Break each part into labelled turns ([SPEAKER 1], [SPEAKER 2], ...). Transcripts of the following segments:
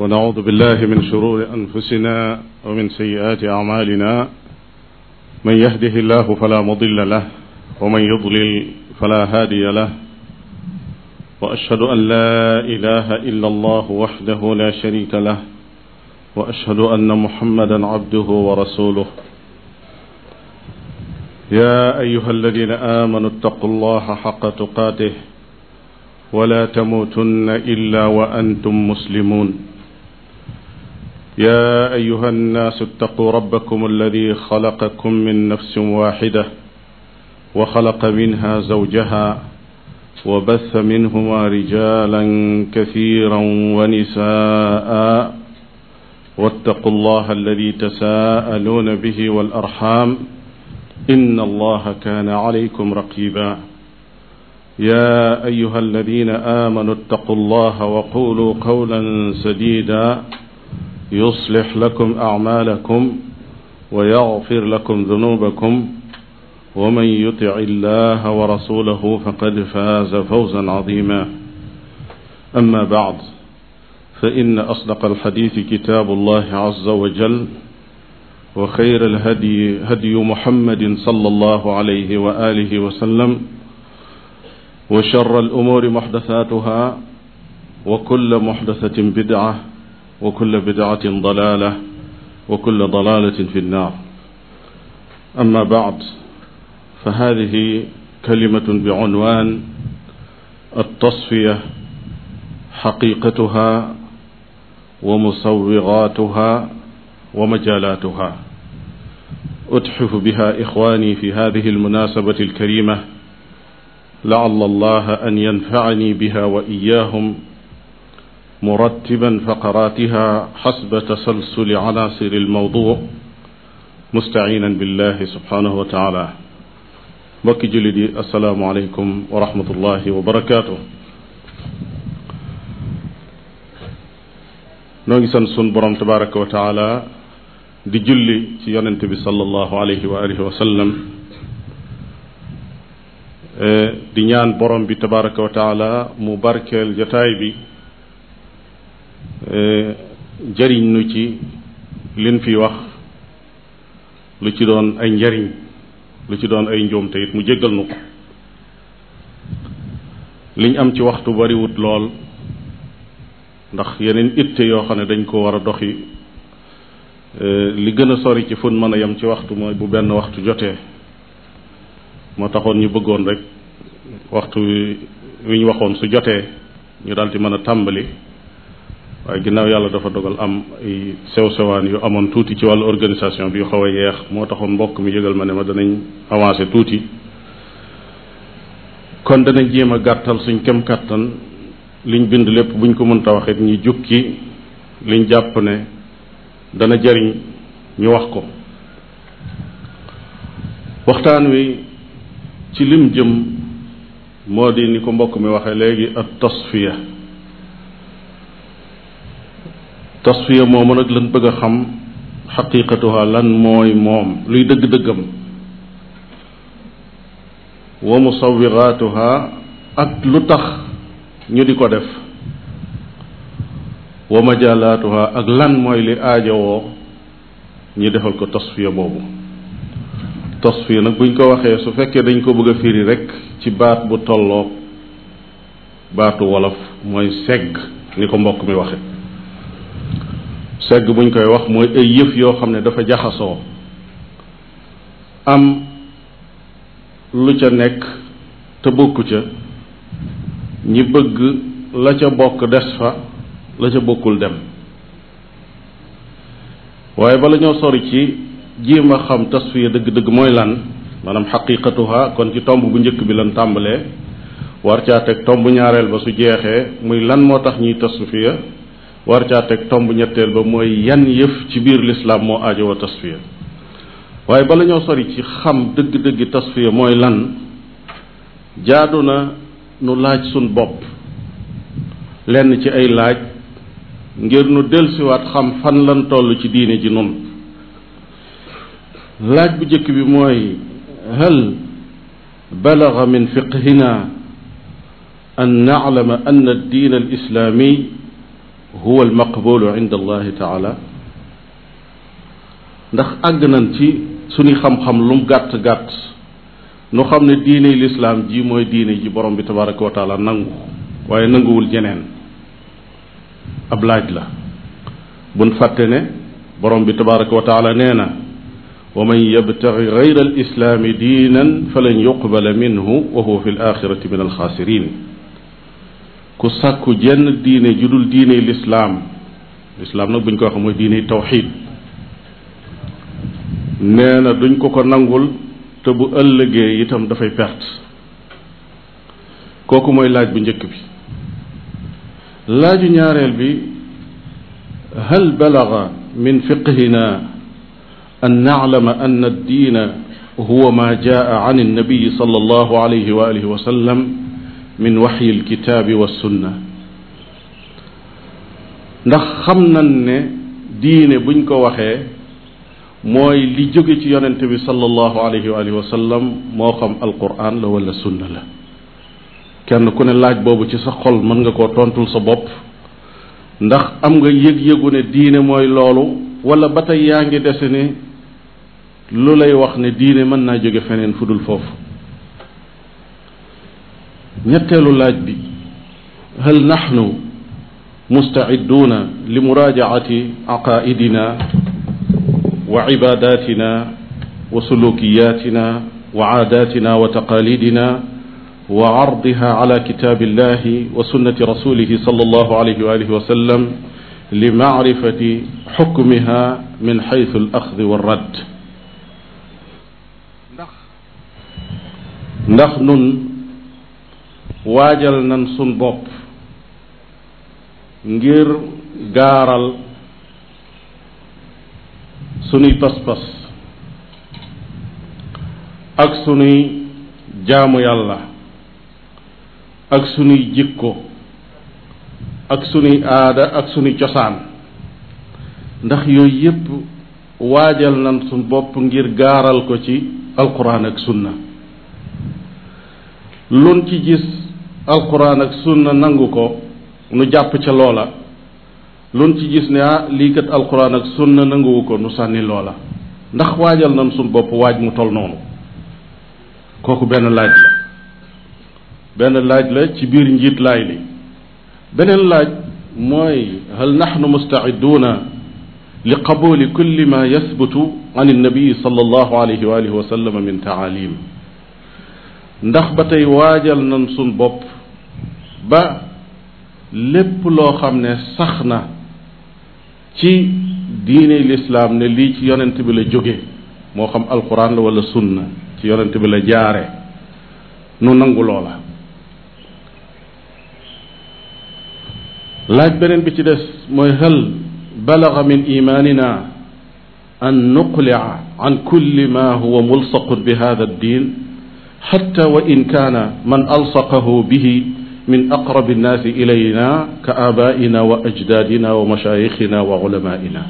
[SPEAKER 1] ونعوذ بالله من شرور أنفسنا ومن سيئات أعمالنا من يهده الله فلا مضل له ومن يضلل فلا هادي له وأشهد أن لا إله إلا الله وحده لا شريك له وأشهد أن محمدا عبده ورسوله يا أيها الذين آمنوا اتقوا الله حق تقاته ولا تموتن إلا وأنتم مسلمون يا أيها الناس اتقوا ربكم الذي خلقكم من نفس واحدة وخلق منها زوجها وبث منهما رجالا كثيرا ونساء واتقوا الله الذي تساءلون به والأرحام إن الله كان عليكم رقيبا يا أيها الذين آمنوا اتقوا الله وقولوا قولا سديدا يصلح لكم أعمالكم ويغفر لكم ذنوبكم ومن يطع الله ورسوله فقد فاز فوزا عظيما أما بعد فإن أصدق الحديث كتاب الله عز وجل وخير الهدي هدي محمد صلى الله عليه وآله وسلم وشر الأمور محدثاتها وكل محدثة بدعة wa kulla bidaatin dalaala wa kulla dalaalatin fi nnaar amma baad fa haadihi kalimatun bi unwaan altasfiya xaqiqatuha wa musawiraatuha wa majaalaatuha أتحف بها إخواني في هذه المناسبة الكريمة لعل الله أن ينفعني بها وإياهم مرتبا فقراتها حسب تسلسل عناصر الموضوع مستعينا بالله سبحانه وتعالى mbokki jullit yi asalaamualeykum wa rahmatullahi wa barakaatu. noo ngi sant sun borom tabaraka wa taala di julli ci yonent bi sallallahu alayhi wa alihi wa sallam eh, di ñaan borom bi tabaraka wa taala mu barkeel jataay bi Euh, jariñ nu ci liñ fi wax lu ci doon ay njariñ lu ci doon ay njuum te it mu jéggal nu ko liñ am ci waxtu bariwut lool ndax yeneen itte yoo xam ne dañ ko war a doxi euh, li gën a sori ci fun mën a yem ci waxtu mooy bu benn waxtu jotee moo taxoon ñu bëggoon rek waxtu wi ñu waxoon su jotee ñu daldi mën a tàmbali waaye ginnaaw yàlla dafa dogal am ay sew-sewaan yu amoon tuuti ci wàllu organisation bi yu xaw a yeex moo taxoon mbokk mi yëgal ma ne ma danañ avancé tuuti kon danañ jéem a gàttal suñ kem kàttan liñ bind lépp buñ ko mënta waxit ñi jukki liñ jàpp ne dana jariñ ñu wax ko waxtaan wi ci lim jëm moo di ni ko mbokk mi waxee léegi at tasfiya tasfiya moomu nag lan bëgg a xam xaqiqatuha lan mooy moom luy dëgg-dëggam wa musawiraatuha ak lu tax ñu di ko def wa majalaatuha ak lan mooy li aajawoo ñu defal ko tasfiya boobu tasfiya nag buñ ko waxee su fekkee dañ ko bëgg a firi rekk ci baat bu tolloog baatu wolof mooy segg ni ko mbokk mi waxe segg buñ koy wax mooy ay yëf yoo xam ne dafa jaxasoo am lu ca nekk te bokku ca ñi bëgg la ca bokk des fa la ca bokkul dem waaye bala ñoo sori ci jéem a xam tasfiya dëgg-dëgg mooy lan maanaam xaqiqatuha kon ci tomb bu njëkk bi lan tàmbalee war caa teg tomb ñaareel ba su jeexee muy lan moo tax ñuy tasfiya war caa tomb ñetteel ba mooy yan yëf ci biir lislaam moo aajowoo tasfiya waaye bala ñoo sori ci xam dëgg-dëgg tasfiya mooy lan jaadu na nu laaj suñ bopp lenn ci ay laaj ngir nu dellusiwaat xam fan lan toll ci diine ji nun laaj bu jëkk bi mooy hal balaga min fiqhina an na'lama anna ad-din al-islami huwa al maqbulu inda allahi taala ndax àgg nañ ci suñu xam-xam lum gàtt-gàtt nu xam ne diine lislaam ji mooy diine ji borom bi tabaraka wa taala nangu waaye nanguwul jeneen ab laaj la buñ fàtte ne borom bi tabaraka wa taala nee na wa man yabtaxi gayra al islaami diinan falan yuqbala minhu wa huwa fi l axirati min alxaasirin ku sàkku jenn diine ju dul diine lislaam lislaam nag bu ñu ko waxee mooy diine tawxiid nee na duñ ko ko nangul te bu ëllëgee itam dafay perte kooku mooy laaj bu njëkk bi laaju ñaareel bi hal balaga min fiqhina an naclama anna addiina huwa ma jaa an annabiyi sal allahu alayhi wa alihi wa sallam min waxyi alkitaabi wa sunna ndax xam nañ ne diine buñ ko waxee mooy li jóge ci yonent bi sallallahu alayhi wa alihi wa sallam moo xam alquran la wala sunna la kenn ku ne laaj boobu ci sa xol mën nga koo tontul sa bopp ndax am nga yëg-yëgu ne diine mooy loolu wala ba tey yaa ngi dese ne lu lay wax ne diine mën naa jóge feneen fu dul foofu ñetteelu laaj bi hal naxnu mustaiduuna li muraajaati aqaaidina wa cibaadatina wa sulukiyatina wa caadatina wa taqaalidina wa ardiha ala kitaabillahi wa sunnati rasulihi sallallahu alayhi wa alihi wa sallam li macrifati xukmiha min xaytu al axdi wa radd ndax ndax nun waajal nan sun bopp ngir gaaral sunuy pas-pas ak sunuy jaamu yàlla ak sunuy jikko ak sunuy aada ak sunuy cosaan ndax yooyu yépp waajal nan sun bopp ngir gaaral ko ci alquran ak sunna lun ci gis alquran ak sunna nangu ko nu jàpp ca loola luñ ci gis ne ah lii kat alquran ak sunna nanguwu ko nu sànni loola ndax waajal na suñ bopp waaj mu tol noonu kooku benn laaj benn laaj la ci biir njiit laay li beneen laaj mooy hal naxnu mustaiduuna li qabuli kulli ma yasbutu an annabii sal allahu alayhi wa wa sallam min taalim ndax ba tey waajal na sun bopp ba lépp loo xam ne sax na ci diine lislaam ne lii ci yonent bi la jóge moo xam alquran la wala sunna ci yonent bi la jaare nu nangu loola laaj beneen bi ci des mooy hal balaga min imaanina an nuqlia an kulli ma huwa mulsaqun bi hada ad din xatta wa in kaana man alsaqahu bihi min aqrabi nnaasi ilayna ka abaina wa ajdaadina wa mashaayixina wa ulamaina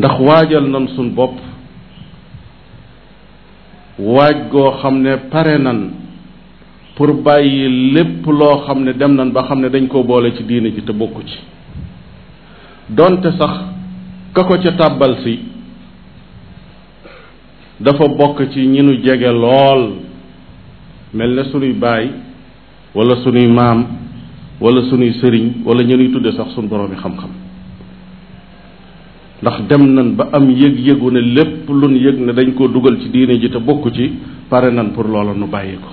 [SPEAKER 1] ndax waajal nan suñ bopp waaj goo xam ne pare nan pour bàyyi lépp loo xam ne dem nan ba xam ne dañ ko boole ci diine ji te bokku ci donte sax ka ko ca tàbbal si dafa bokk ci ñi nu jege lool mel ne sunuy baay wala sunuy maam wala sunuy sëriñ wala ñu nuy tudde sax sunu boroomi xam-xam ndax dem nan ba am yëg-yëgu ne lépp luñ yëg dañ koo dugal ci diine ji te bokku ci pare nan pour loola nu bàyyi ko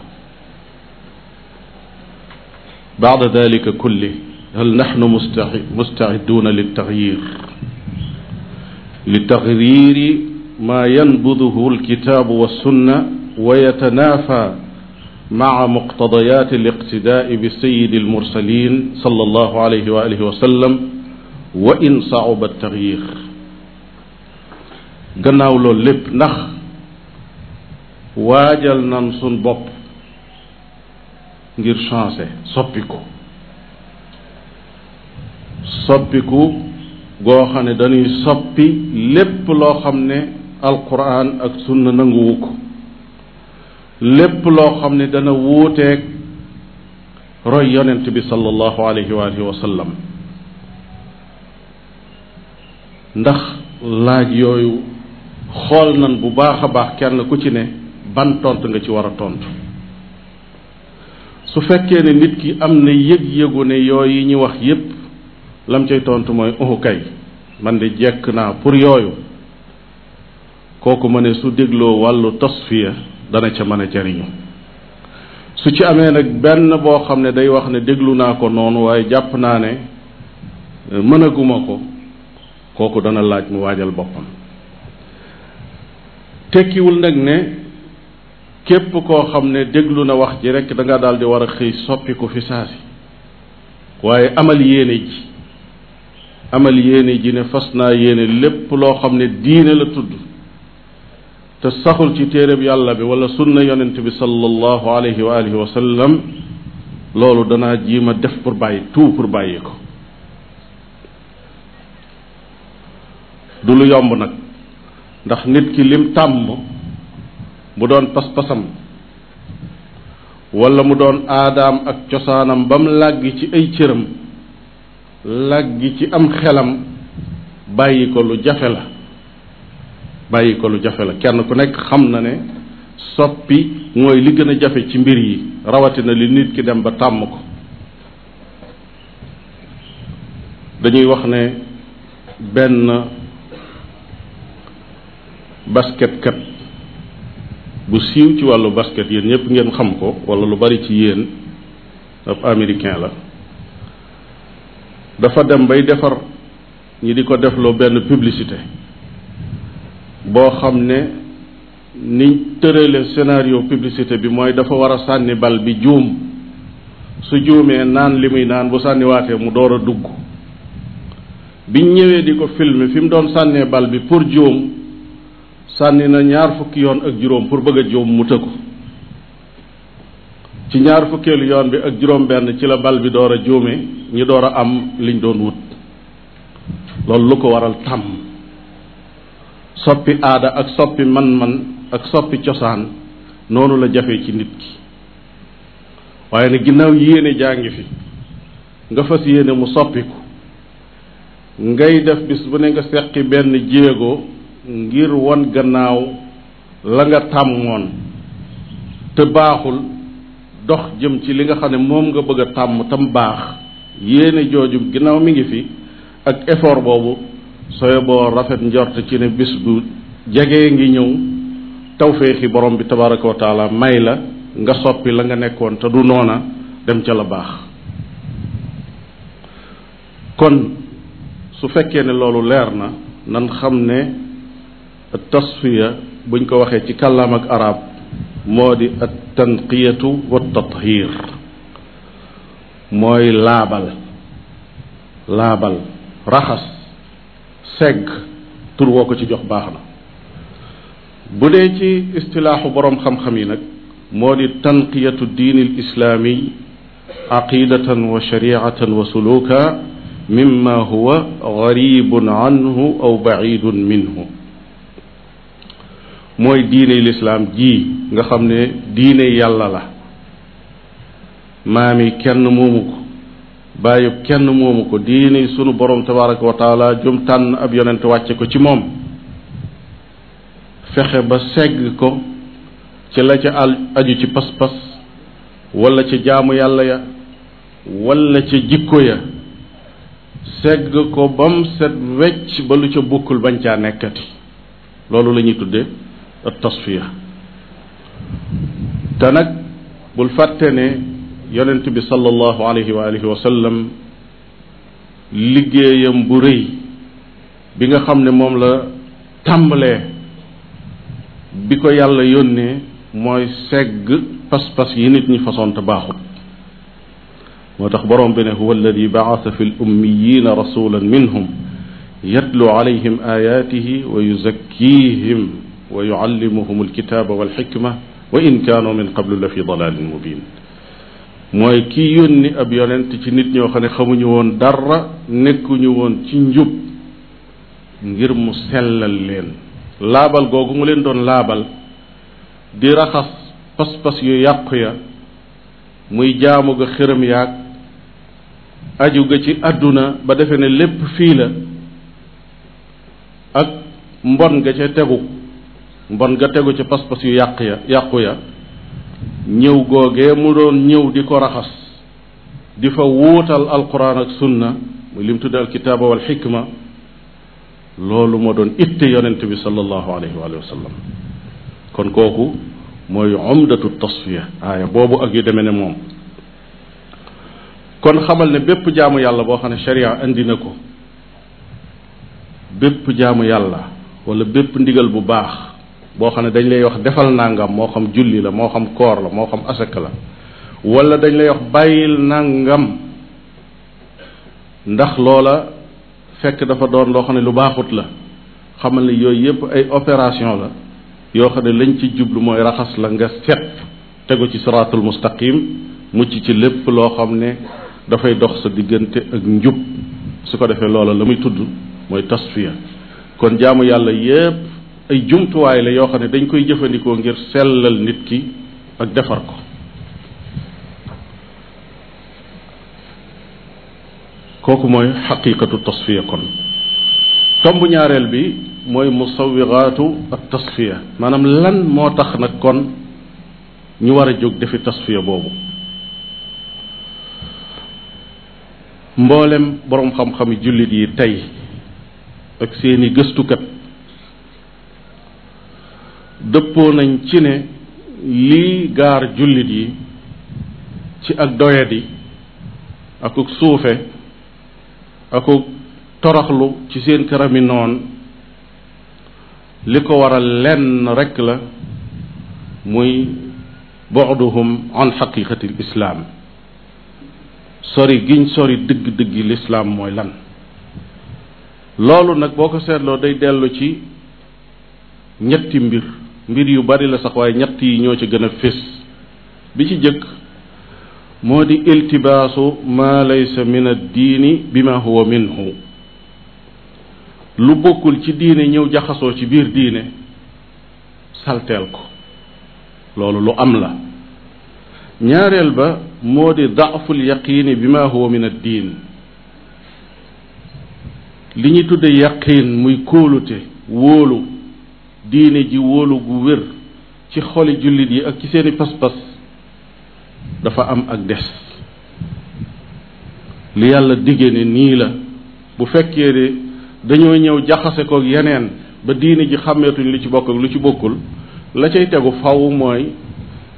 [SPEAKER 1] baada dalika kulli hal naxnu mustai mustaciduuna liltaxyir litaxriri maa yanbuduhu alkitaabu walsunna wa yatanaafa maa muqtadayaati aliqtidaai bi sayidi almursalin sal allahu alayhi wa alihi wa sallam wa in sauba taxyir gannaaw loolu lépp ndax waajal nan suñ bopp ngir changer soppiku soppiku goo xam ne dañuy soppi lépp loo xam ne alquran ak sunna nanguwu ko lépp loo xam ne dana wuuteeg roy yonent bi sallallahu alayhi wa alihi wa sallam ndax laaj yooyu xool nan bu baax a baax kenn ku ci ne ban tontu nga ci war a tontu su fekkee ne nit ki am na yëg-yëgu ne yooyu ñu wax yépp lam cay tontu mooy uhu kay man de jekk naa pour yooyu kooku ma ne su dégloo wàllu tasfiya dana ca mën a jariñu su ci amee nag benn boo xam ne day wax ne déglu naa ko noonu waaye jàpp naa ne euh, mënaguma ko kooku dana laaj mu waajal boppam tekkiwul nag ne képp koo xam ne déglu na wax ji rekk danga nga daal di war a xëy soppi ko fi saasi waaye amal yéene ji amal yéene ji ne fas naa yéene lépp loo xam ne diine la tudd te saxul ci téere téereb yàlla bi wala sunna yonent bi sallallahu alayhi wa alihi wa loolu danaa jiima def pour bàyyi tuu pour bàyyi ko du lu yomb nag ndax nit ki lim tàmm mu doon pas-pasam wala mu doon aadaam ak cosaanam bam mu làggi ci ay cëram làggi ci am xelam bàyyi ko lu jafe la bàyyi ko lu jafe la kenn ku nekk xam na ne soppi mooy li gën a jafe ci mbir yi rawatina li nit ki dem ba tàmm ko dañuy wax ne benn basketkat bu siiw ci wàllu basket yéen ñëpp ngeen xam ko wala lu bari ci yéen ab américain la dafa dem bay defar ñi di ko defloo benn publicité boo xam ne niñ tërale scénario publicité bi mooy dafa war a sànni bal bi juum su juumee naan li muy naan bu sànniwaatee mu door a dugg biñ ñëwee di ko filmer fi mu doon sànnee bal bi pour juum sànni na ñaar fukki yoon ak juróom pour bëgg a juum mu tëggu ci ñaar fukkeelu yoon bi ak juróom benn ci la bal bi door a juume ñi door a am liñ doon wut loolu lu ko waral tàmm soppi aada ak soppi man-man ak soppi cosaan noonu la jafe ci nit ki waaye ne ginnaaw yéene jàngi fi nga fas yéene mu soppiku ngay def bis bu ne nga seqi benn jéego ngir won gannaaw la nga tàmmoon te baaxul dox jëm ci li nga xam ne moom nga bëgg a tàmm tam baax yéene jooju ginnaaw mi ngi fi ak effort boobu sooy boo rafet njort ci ne bis du jege ngi ñëw tawféexi borom bi tabaraka wa taala may la nga soppi la nga nekkoon te du noona dem ca la baax kon su fekkee ne loolu leer na nan xam ne tasfiya buñ ko waxee ci kàllaam ak arab moo di at tanqiyatu wa tathir mooy laabal laabal raxas segg tur woo ci jox baax na bu dee ci istilaaxu boroom xam-xam yi nag moo di tanqiyatu diini l islaami aqidatan wa lislaam ji nga xam ne diine yàlla la maami kenn moomu bàyyi kenn moomu ko diini sunu borom tabaraka wa taala tànn ab yonent wàcce ko ci moom fexe ba segg ko ci la ca al aju ci pas-pas wala ca jaamu yàlla ya walla ca jikko ya segg ko bam set wecc ba lu ca bukkul bañ caa nekkati loolu lañuy ñuy tudde at tasfiya te nag bul fàtte ne yonent bi sallallahu alayhi wa alihi wa sallam liggéeyam bu rëy bi nga xam ne moom la tàmbalee bi ko yàlla yónnee mooy segg pas-pas yi nit ñi façon te baaxut moo tax borom bi ne huwa alladi baasa fi l ummiyina rasulan minhum yatlu alayhim ayatihi wa yuzakkihim wa yuallimuhum alkitaba walxikma wa in kaanu min qablu la fi dalalin mubin mooy kii yónni ab yonent ci nit ñoo xam ne xamuñu woon dara nekkuñu woon ci njub ngir mu sellal leen laabal googu mu leen doon laabal di raxas pas-pas yu yàqu ya muy jaamu ga xërëm yaag aju ga ci àdduna ba defe ne lépp fii la ak mbon ga ca tegu mbon ga tegu ca pas-pas yu yàq ya yàqu ya ñëw googee mu doon ñëw di ko raxas di fa wuutal alquran ak sunna muy lim tudde alkitaaba wal xikma loolu moo doon itte yonent bi sallallahu alayhi wa sallam kon kooku mooy umdatu tasfiya aaya boobu ak yu demee ne moom kon xamal ne bépp jaamu yàlla boo xam ne sharia indi na ko bépp jaamu yàlla wala bépp ndigal bu baax boo xam ne dañ lay wax defal nangam moo xam julli la moo xam koor la moo xam asaka la wala dañ lay wax bàyyil nangam ndax loola fekk dafa doon loo xam ne lu baaxut la xamal ne yooyu yépp ay opération la yoo xam ne lañ ci jublu mooy raxas la nga set tegu ci siraatul mustaqim mucc ci lépp loo xam ne dafay dox sa diggante ak njub su ko defee loola la muy tudd mooy tasfiya kon jaamu yàlla yépp ay jumtuwaay la yoo xam ne dañ koy jëfandikoo ngir sellal nit ki ak defar ko kooku mooy xaqiqatu tasfiya kon tomb ñaareel bi mooy musawigaatu ak tasfiya maanaam lan moo tax nag kon ñu war a jóg defi tasfiya boobu mboolem boroom xam-xami jullit yi tey ak seeni gëstukat dëppoo nañ ci ne lii gaar jullit yi ci ak doyadi akuk suufe akuk toroxlu ci seen karami noon li ko waral lenn rekk la muy bu'duhum an xaqiqatil islaam sori giñ sori dëgg-dëggi lislaam mooy lan loolu nag boo ko seetloo day dellu ci ñetti mbir mbir yu bari la sax waaye ñett yi ñoo ci gën a fés bi ci jëkk moo di iltibaasu maa laysa min addiini bima huwa minhu lu bokkul ci diine ñëw jaxasoo ci biir diine salteel ko loolu lu am la ñaareel ba moo di daful yaqiini bima huwa min addiin li ñu tudde yaqiin muy kóolute wóolu diine ji wóolu gu wér ci xoli jullit yi ak ci seeni pas-pas dafa am ak des li yàlla diggee ne nii la bu fekkee ne dañoo ñëw jaxase koog yeneen ba diine ji xàmmeetuñ lu ci bokk lu ci bokkul la cay tegu faw mooy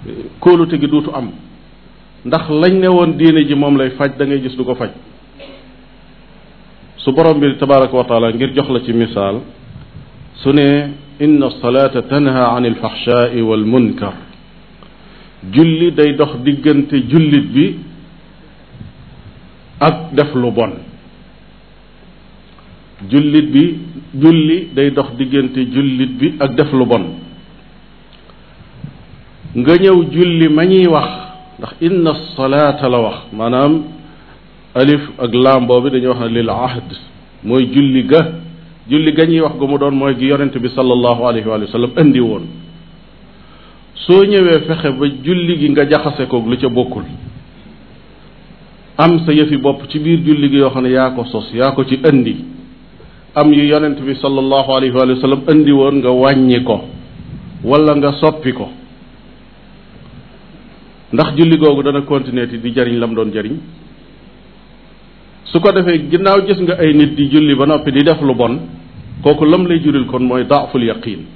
[SPEAKER 1] eh, kóolute gi duutu am ndax lañ ne woon diine ji moom lay faj dangay gis du ko faj su borom bi tabaraka wa ngir jox la ci misaal su ne inna alsalaata tanha an alfaxshaai walmunkar julli day dox diggante jullit bi ak def lu bon jullit bi julli day dox diggante jullit bi ak def lu bon nga ñëw julli ma ñuy wax ndax inna salaata la wax maanaam alif ak laam boobu dañuy wax ne lil ahd mooy julli ga julli gañuy wax gu mu doon mooy gi yonent bi sallallahu alayhi wa sallam indi woon soo ñëwee fexe ba julli gi nga jaxase koog lu ca bokkul am sa yëfi bopp ci biir julli gi yoo xam ne yaa ko sos yaa ko ci indi am yu yonent bi sallallahu alayhi wa sallam indi woon nga wàññi ko wala nga soppi ko ndax julli googu dana continuer di jariñ la mu doon jariñ su ko defee ginnaaw gis nga ay nit di julli ba noppi di def lu bon kooku lam lay juril kon mooy daaful yaqin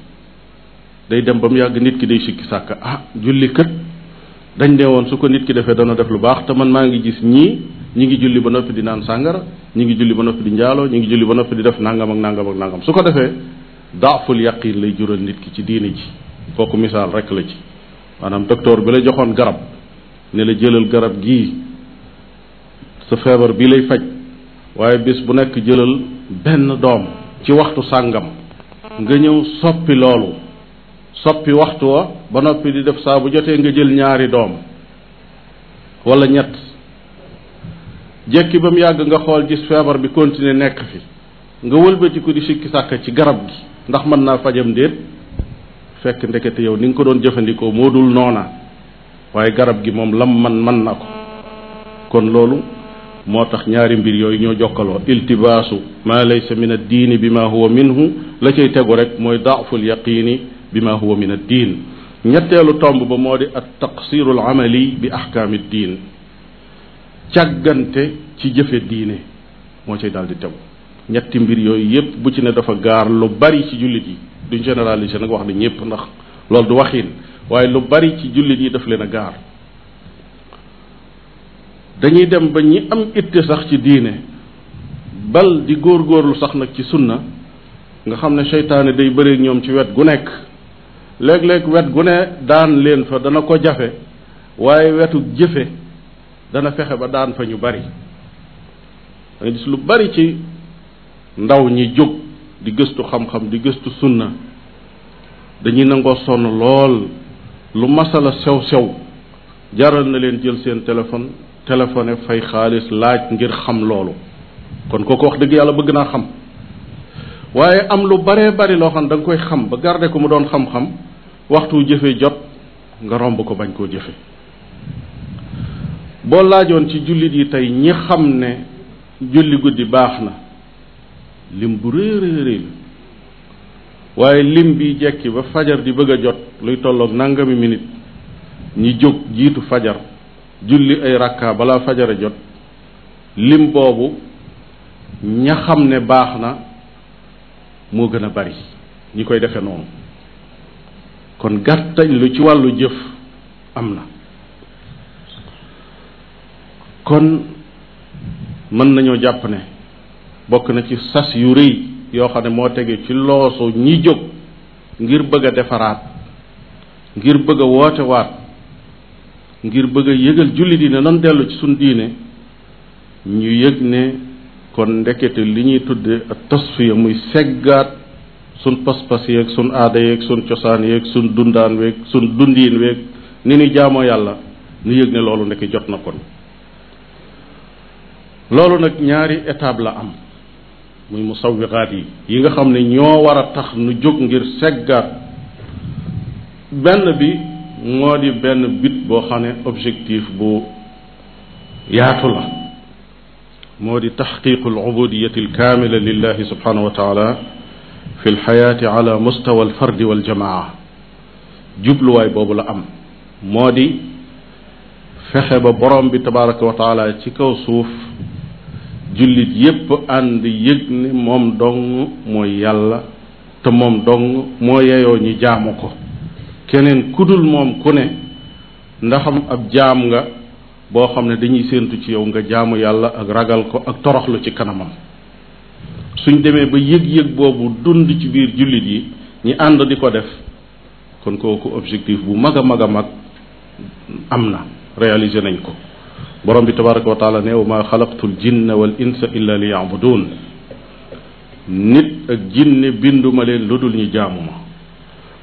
[SPEAKER 1] day dem ba mu yàgg nit ki day sikki sàkk ah julli kët dañ ne woon su ko nit ki defee dana def lu baax te man maa ngi gis ñii ñu ngi julli ba noppi di naan sàngara ñu ngi julli ba noppi di njaaloo ñi ngi julli ba noppi di def nangam ak nangam ak nangam su ko defee daaful yaqin lay jural nit ki ci diini ji kooku misaal rek la ci maanaam docteur bi lay joxoon garab ne la jëlal garab gii sa feebar bi lay faj waaye bis bu nekk jëlal benn doom ci waxtu sàngam nga ñëw soppi loolu soppi waxtu wa ba noppi di def saa bu jotee nga jël ñaari doom wala ñett jekki ba mu yàgg nga xool gis feebar bi continuer nekk fi nga wëlbatiku di sikki sàkk ci garab gi ndax mën naa fajam déet fekk ndekete yow ni nga ko doon jëfandikoo moo dul noona waaye garab gi moom lam mën man na ko kon loolu moo tax ñaari mbir yooyu ñoo jokkaloo iltibaasu maa laysa min ad diini bi maa huwa minhu la cay tegu rek mooy daaful yaqiini bi maa huwa min ad diin ñetteelu tomb ba moo di at taqsiru al amali bi ahkaami diin càggante ci jëfe diine moo ci daal di tegu ñetti mbir yooyu yépp bu ci ne dafa gaar lu bari ci jullit yi du duñ généraliser nag wax ne ñépp ndax loolu du waxin waaye lu bari ci jullit yi daf leen a gaar dañuy dem ba ñi am it sax ci diine bal di góor góorlu sax nag ci sunna nga xam ne seytaane day bëri ñoom ci wet gu nekk léeg-léeg wet gu ne daan leen fa dana ko jafe waaye wetu jëfe dana fexe ba daan fa ñu bari da nga gis lu bari ci ndaw ñi jóg di gëstu xam-xam di gëstu sunna dañuy nangoo sonn lool lu masala sew-sew jaral na leen jël seen téléphone téléphoné fay xaalis laaj ngir xam loolu kon kooku wax dëgg yàlla bëgg naa xam waaye am lu bare bari loo xam da nga koy xam ba garde ko mu doon xam-xam waxtu jëfe jot nga romb ko bañ koo jëfe boo laajoon ci jullit yi tey ñi xam ne julli guddi baax na lim bu rëy rëy rëy waaye lim bi jekki ba fajar di bëgg a jot luy tolloog nangami minit ñi jóg jiitu fajar julli ay rakka balaa fajara jot lim boobu ña xam ne baax na moo gën a bari ñi koy defe noonu kon gàttañ lu ci wàllu jëf am na kon mën nañoo jàpp ne bokk na ci sas yu rëy yoo xam ne moo tege ci loosu ñi jóg ngir bëgg defaraat ngir bëgg a wootewaat ngir bëgg a yëgal jullit yi ne nan dellu ci suñ diine ñu yëg ne kon ndekete li ñuy tudde ak tasfiya muy seggaat sun pas-pas yeeg sun aada yeeg sun cosaan yeeg sun dundaan weeg sun dundiin weeg ni ñu jaamoo yàlla ñu yëg ne loolu ndeke jot na ko loolu nag ñaari étape la am muy musawiqaat yi yi nga xam ne ñoo war a tax nu jóg ngir seggaat benn bi moo di benn boo xam ne bu yaatu moo di taxqiqu alubudiyati alkaamila lillahi subhanahu wa taala fi alxayaati ala mustawa alfardi waljamaa jubluwaay boobu la am moo di fexe ba borom bi tabaraka wa taala ci kaw suuf jullit yépp ànd yëg ne moom dong mooy yàlla te moom dong moo yeyoo ñi jaamu ko keneen ku dul moom ku ndaxam ab jaam nga boo xam ne dañuy séentu ci yow nga jaamu yàlla ak ragal ko ak toroxlu ci kanamam suñ demee ba yëg-yëg boobu dund ci biir jullit yi ñi ànd di ko def kon kooku objectif bu mag a mag a mag am na réalisé nañ ko borom bi tabaraka wa taala ne wa maa xalaqtu l jinna wal insa illa li yabudun nit ak jinne binduma leen lu dul ñu jaamu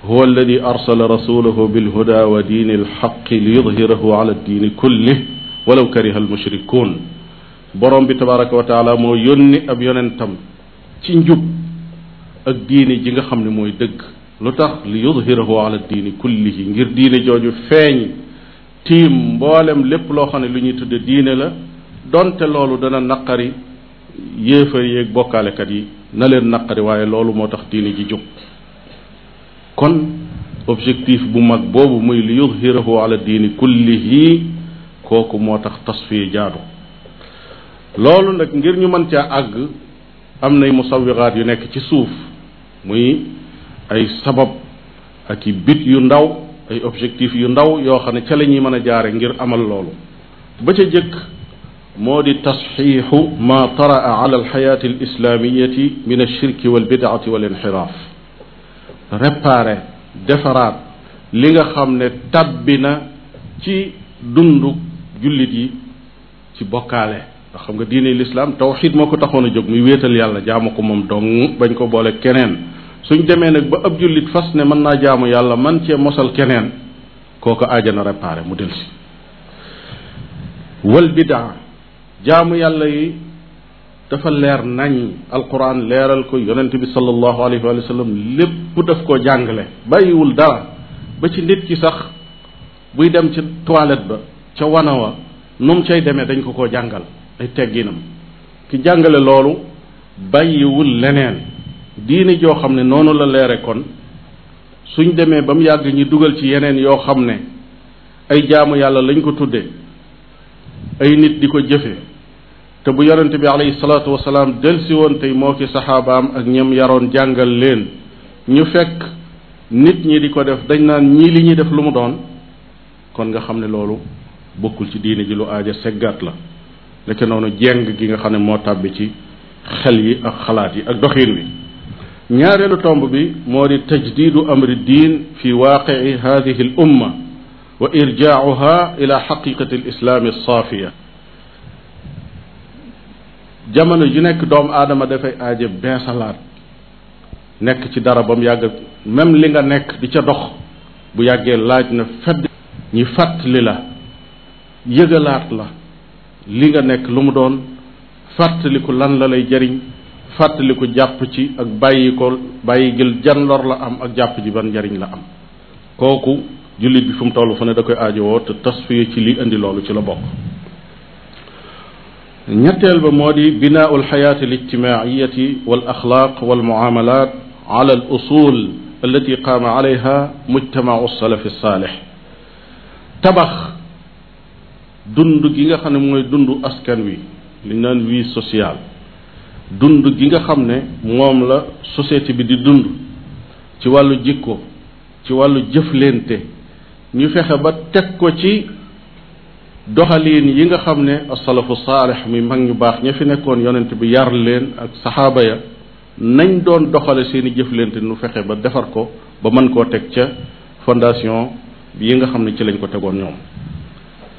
[SPEAKER 1] huwa alladi arsala rasulahu bilhuda wa diini alxaqi liyudhirahu ala diini kulli walaw kariha almushrikuun borom bi tabaraka wa taala moo yónni ab yonentam ci njub ak diini ji nga xam ne mooy dëgg lu tax li yudhirahu ala diini kullihi ngir diine jooju feeñ tiim mboolem lépp loo xam ne lu ñuy tudde diine la donte loolu dana naqari yéefar yeeg bokkaalekat yi na leen naqari waaye loolu moo tax diine ji jub kon objectif bu mag boobu muy li yudhirahu ala diini kullihi kooku moo tax tasfiya jaadu loolu nag ngir ñu mën caa àgg am nay musawiraat yu nekk ci suuf muy ay sabab ak i bit yu ndaw ay objectif yu ndaw yoo xam ne ca la mën a jaare ngir amal loolu ba ca jëkk moo di tasxiixu ma taraa ala alxayaati alislaamiyati min alshirki walbidaati walinxiraaf réparer defaraat li nga xam ne tàbbi na ci dundu jullit yi ci bokkaale ndax xam nga diine lislaam tawxid moo ko taxoon a jóg muy wéetal yàlla jaamu ko moom dong bañ ko boole keneen suñ demee nag ba ab jullit fas ne mën naa jaamu yàlla man cee mosal keneen kooko ajana réparé mu delsi wal bidaa jaamu yàlla yi dafa leer nañ alquran leeral ko yonent bi sallallahu alayhi wa sallam lépp daf koo jàngale bàyyiwul dara ba ci nit ki sax buy dem ca toilette ba ca wana wa nu mu cay demee dañ ko ko jàngal ay tegginam ki jàngale loolu bàyyiwul leneen diine joo xam ne noonu la leere kon suñ demee ba mu yàgg ñu dugal ci yeneen yoo xam ne ay jaamu yàlla lañ ko tuddee ay nit di ko jëfe te bu yonente bi alayhi salaatu wasalaam delsi woon tey moo ki saxaabaam ak ñam yaroon jàngal leen ñu fekk nit ñi di ko def dañ naan ñii li ñuy def lu mu doon kon nga xam ne loolu bokkul ci diine ji lu aaja seggaat la nekk noonu jeng ki nga xam ne moo tàbbi ci xel yi ak xalaat yi ak doxin wi ñaareelu tomb bi moo di tajdiidu amri diin fi waaqici hadihi al umma wa irjaacuha ila xaqiqati al islaami saafiya jamono ju nekk doomu aadama dafay aaje beesalaat nekk ci dara ba mu yàgg même li nga nekk di ca dox bu yàggee laaj na fedd ñi fàttali la yëgalaat la li nga nekk lu mu doon fàttaliku lan la lay jariñ fàttaliku jàpp ci ak bàyyi ko bàyyi gil jan lor la am ak jàpp ji ban njariñ la am kooku jullit bi fu mu toll fa ne da koy aajowoo te tasfiya ci li indi loolu ci la bokk ñetteel ba moo di binaa al xayaati al ijtimaaciyati wa axlaaq wal mucaamalaat ala al usul tabax dund gi nga xam ne mooy dund askan wi li ñu naan vie sociale dund gi nga xam ne moom la société bi di dund ci wàllu jikko ci wàllu jëflente ñu fexe ba teg ko ci doxaliin yi nga xam ne asalafu saalix mi mag ñu baax ña fi nekkoon yonent bi yar leen ak saxaaba ya nañ doon doxale seen i jëflante nu fexe ba defar ko ba mën koo teg ca fondation yi nga xam ne ci lañ ko tegoon ñoom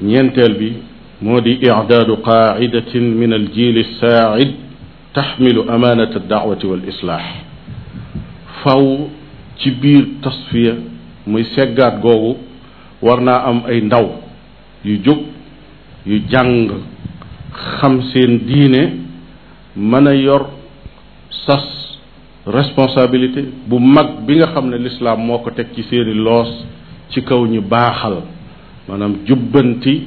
[SPEAKER 1] ñeenteel bi moo di idaadu qaidatin min al jiil saaid taxmilu amaanat daawati wal islaax faw ci biir tasfiya muy seggaat googu war naa am ay ndaw yu jóg yu jàng xam seen diine mën a yor sas responsabilité bu mag bi nga xam ne lislaam moo ko teg ci seeni loos ci kaw ñu baaxal maanaam jubbanti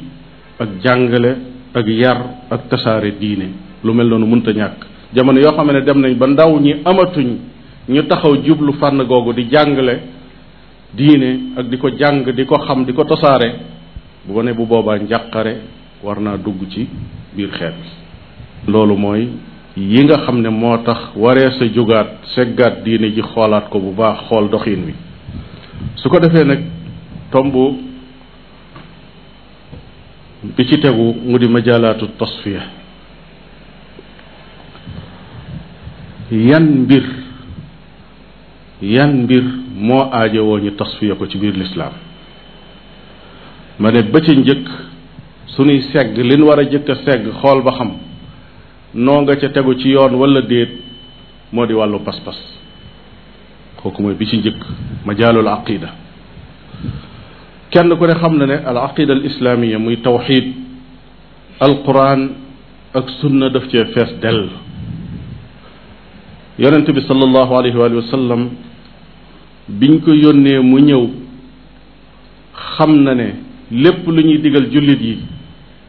[SPEAKER 1] ak jàngale ak yar ak tasaare diine lu mel noonu munta ñàkk jamono yoo xam ne dem nañ ba ndaw ñi amatuñ ñu taxaw jublu fànn googu di jàngale diine ak di ko jàng di ko xam di ko tasaare bu ne bu boobaa njàqare war naa dugg ci biir xeet bi loolu mooy yi nga xam ne moo tax waree sa jógaat seggaat diine ji xoolaat ko bu baax xool doxin wi su ko defee nag tomb bi ci tegu mu di majaalaatu tasfiya yan mbir yan mbir moo aajowoo ñu tasfiya ko ci biir lislaam ma ne ba ca njëkk suñuy segg lin war a jëkk segg xool ba xam noo nga ca tegu ci yoon walla déet moo di wàllu pas-pas kooku mooy bi ci njëkk majaalul aqida kenn ku ne xam na ne al aqida al islaamia muy tawxid alquran ak sunna daf cee fees dell yonente bi salallahu alayhi wa sallam biñ ko yónnee mu ñëw xam na ne lépp lu ñuy digal jullit yi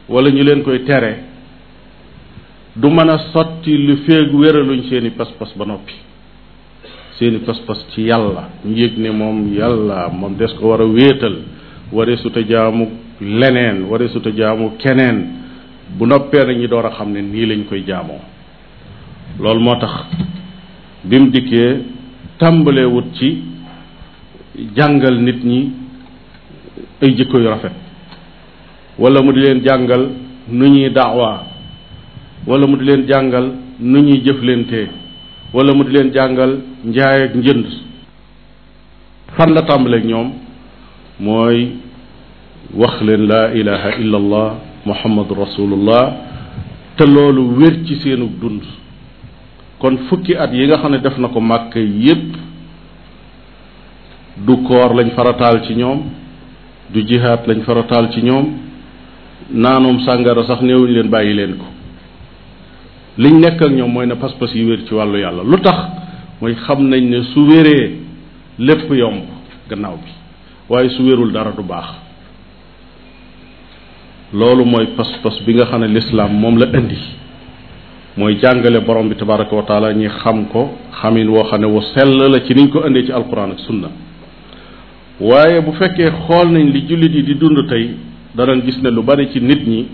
[SPEAKER 1] wala ñu leen koy tere du mën a sotti lu féeg wéraluñ seeni pas-pas ba noppi seeni pas-pas ci yàlla ñu yëg ne moom yàlla moom des ko war a wéetal waree suta jaamu leneen waree suta jaamu keneen bu noppee na door a xam ne nii lañ koy jaamoo loolu moo tax bi mu dikkee tàmbalewut ci jàngal nit ñi ay jikko yu rafet wala mu di leen jàngal nu ñuy daawaa wala mu di leen jàngal nu ñuy jëflante walla mu di leen jàngal njaay ak njënd fan la tàmbaleeg ñoom mooy wax leen laa ilaha illa allah muhammadu rasulullah te loolu wér ci seenu dund kon fukki at yi nga xam ne def na ko màkk yépp du koor lañ farataal ci ñoom du jihaat lañ farataal ci ñoom naanum sàngara sax néewuñu leen bàyyi leen ko liñ nekk ak ñoom mooy na pas-pas yi wér ci wàllu yàlla lu tax mooy xam nañ ne su wéree lépp yomb gannaaw bi waaye su wérul dara du baax loolu mooy pas-pas bi nga xam ne lislaam moom la indi mooy jàngale borom bi tabaraka wa ñi xam ko xamin woo xam ne wu sell la ci niñ ko indee ci alquran ak sunna waaye bu fekkee xool nañ li jullit yi di dund tey danañ gis ne lu bari ci nit ñi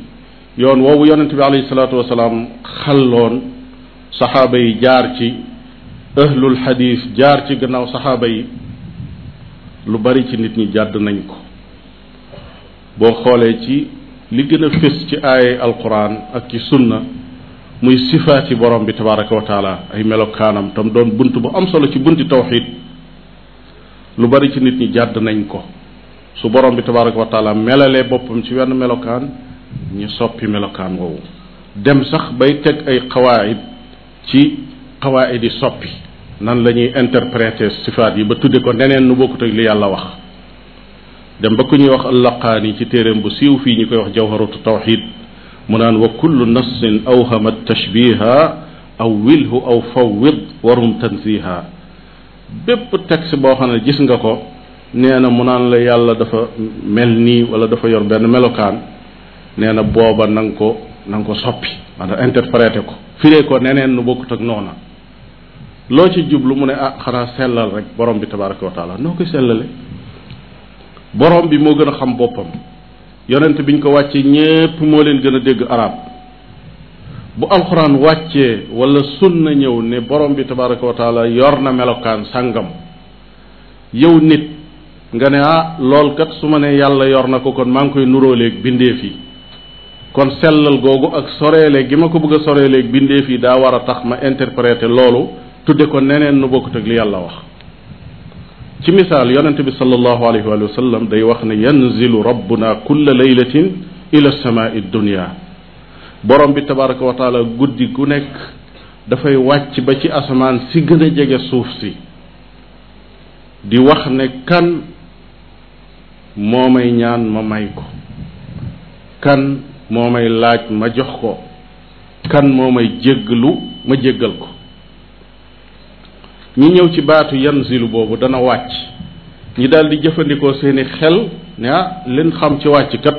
[SPEAKER 1] yoon woowu yonent bi alayhi salaatu wasalaam xalloon saxaaba yi jaar ci ahlul xadiis jaar ci gannaaw saxaaba yi lu bari ci nit ñi jàdd nañ ko boo xoolee ci li gën a fés ci aaye alquran ak ci sunna muy sifaati borom bi tabaraka wa taala ay melokaanam tam doon bunt bu am solo ci bunti tawxid lu bari ci nit ñi jàdd nañ ko su borom bi tabaraka wa taala melalee boppam ci wenn melokaan ñu soppi melokaan woowu dem sax bay teg ay xawaayid ci xawaayid yi soppi nan lañuy ñuy interpréter sifaat yi ba tudde ko neneen nu bokkut ak li yàlla wax dem ba ku ñuy wax allaqaani ci téeréem bu siiw fii ñu koy wax jawharatu tawxid mu naan wa kullu aw awhama tashbiha aw wilhu aw fawwid warum tansiha bépp texte boo xam ne gis nga ko nee na mu naan la yàlla dafa mel nii wala dafa yor benn melokaan nee na booba na ko na ko soppi maanaam interprété ko firee ko neneen nu bokkut ak noona loo ci jublu mu ne ah xanaa sellal rek borom bi tabaraka wa taala noo koy sellale borom bi moo gën a xam boppam yonent biñ ko wàccee ñépp moo leen gën a dégg arab bu alxuraan wàccee wala sunna ñëw ne borom bi tabaraka wa yor na melokaan sàngam yow nit nga ne ah lool kat su ma ne yàlla yor na ko kon maa ngi koy nuróoleeg bindeef yi kon sellal googu ak soreeleeg gi ma ko bëgg a soreeleeg bindeef yi daa war a tax ma interpréter loolu tudde ko neneen nu bokkut ak li yàlla wax ci misaal yonente bi sallallahu alayhi wa sallam day wax ne yanzilu rabbuna kulla laylatin ila samaai dunia borom bi tabaraka wa taala guddi gu nekk dafay wàcc ba ci asamaan si gën a jege suuf si moo may ñaan ma may ko kan moo may laaj ma jox ko kan moo may jégglu ma jéggal ko ñi ñëw ci baatu yanzilu boobu dana wàcc ñi daal jëfandikoo seeni xel ne ah leen xam ci wàcc kat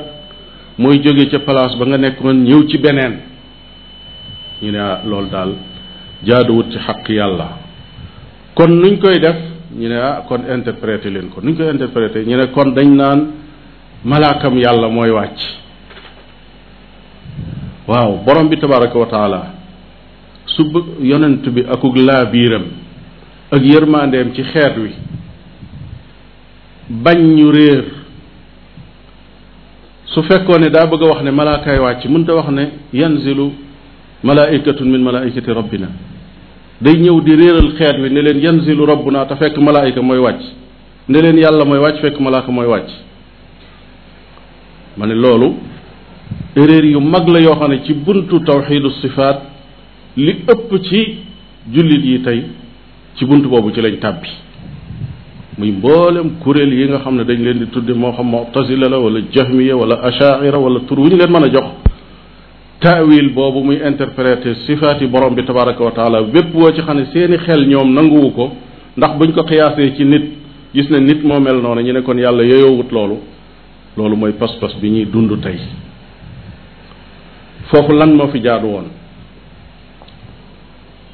[SPEAKER 1] mooy jóge ca palaas ba nga nekkoon ñëw ci beneen ñu ne ah, loolu daal jaaduwut ci xaq yàlla kon nuñ koy def ñu ne ah kon interpréter leen ko nuñ ko interpréter ñu ne kon dañ naan malaakam yàlla mooy wàcc waaw borom bi tabaraka wa su bëgg yonent bi akuk laa biiram ak yërmandeem ci xeet wi bañ ñu réer su fekkoon ne daa bëgg a wax ne malaakaay wàcc mënta wax ne yanzilu malaikatun min malaikati rabbina day ñëw di réeral xeet wi ne leen yanzilu rabbuna te fekk malaayika mooy wàcc ne leen yàlla mooy wàcc fekk malaaka mooy wàcc ma ne loolu erreur yu mag la yoo xam ne ci buntu tawxidu sifaat li ëpp ci jullit yi tey ci bunt boobu ci lañ tàbbi muy mboolem kuréel yi nga xam ne dañ leen di tudde moo xam mu'tazila la wala jahmiya wala ashaira wala tur wu ñu leen mën a jox taawil boobu muy interpréter sifaati borom bi tabaraka wa taala wépp woo ci xam ne seeni xel ñoom nanguwu ko ndax buñ ko xiyaasee ci nit gis ne nit moo mel noonu ñu ne kon yàlla yeyoowut loolu loolu mooy pas-pas bi ñuy dund tey foofu lan moo fi jaadu woon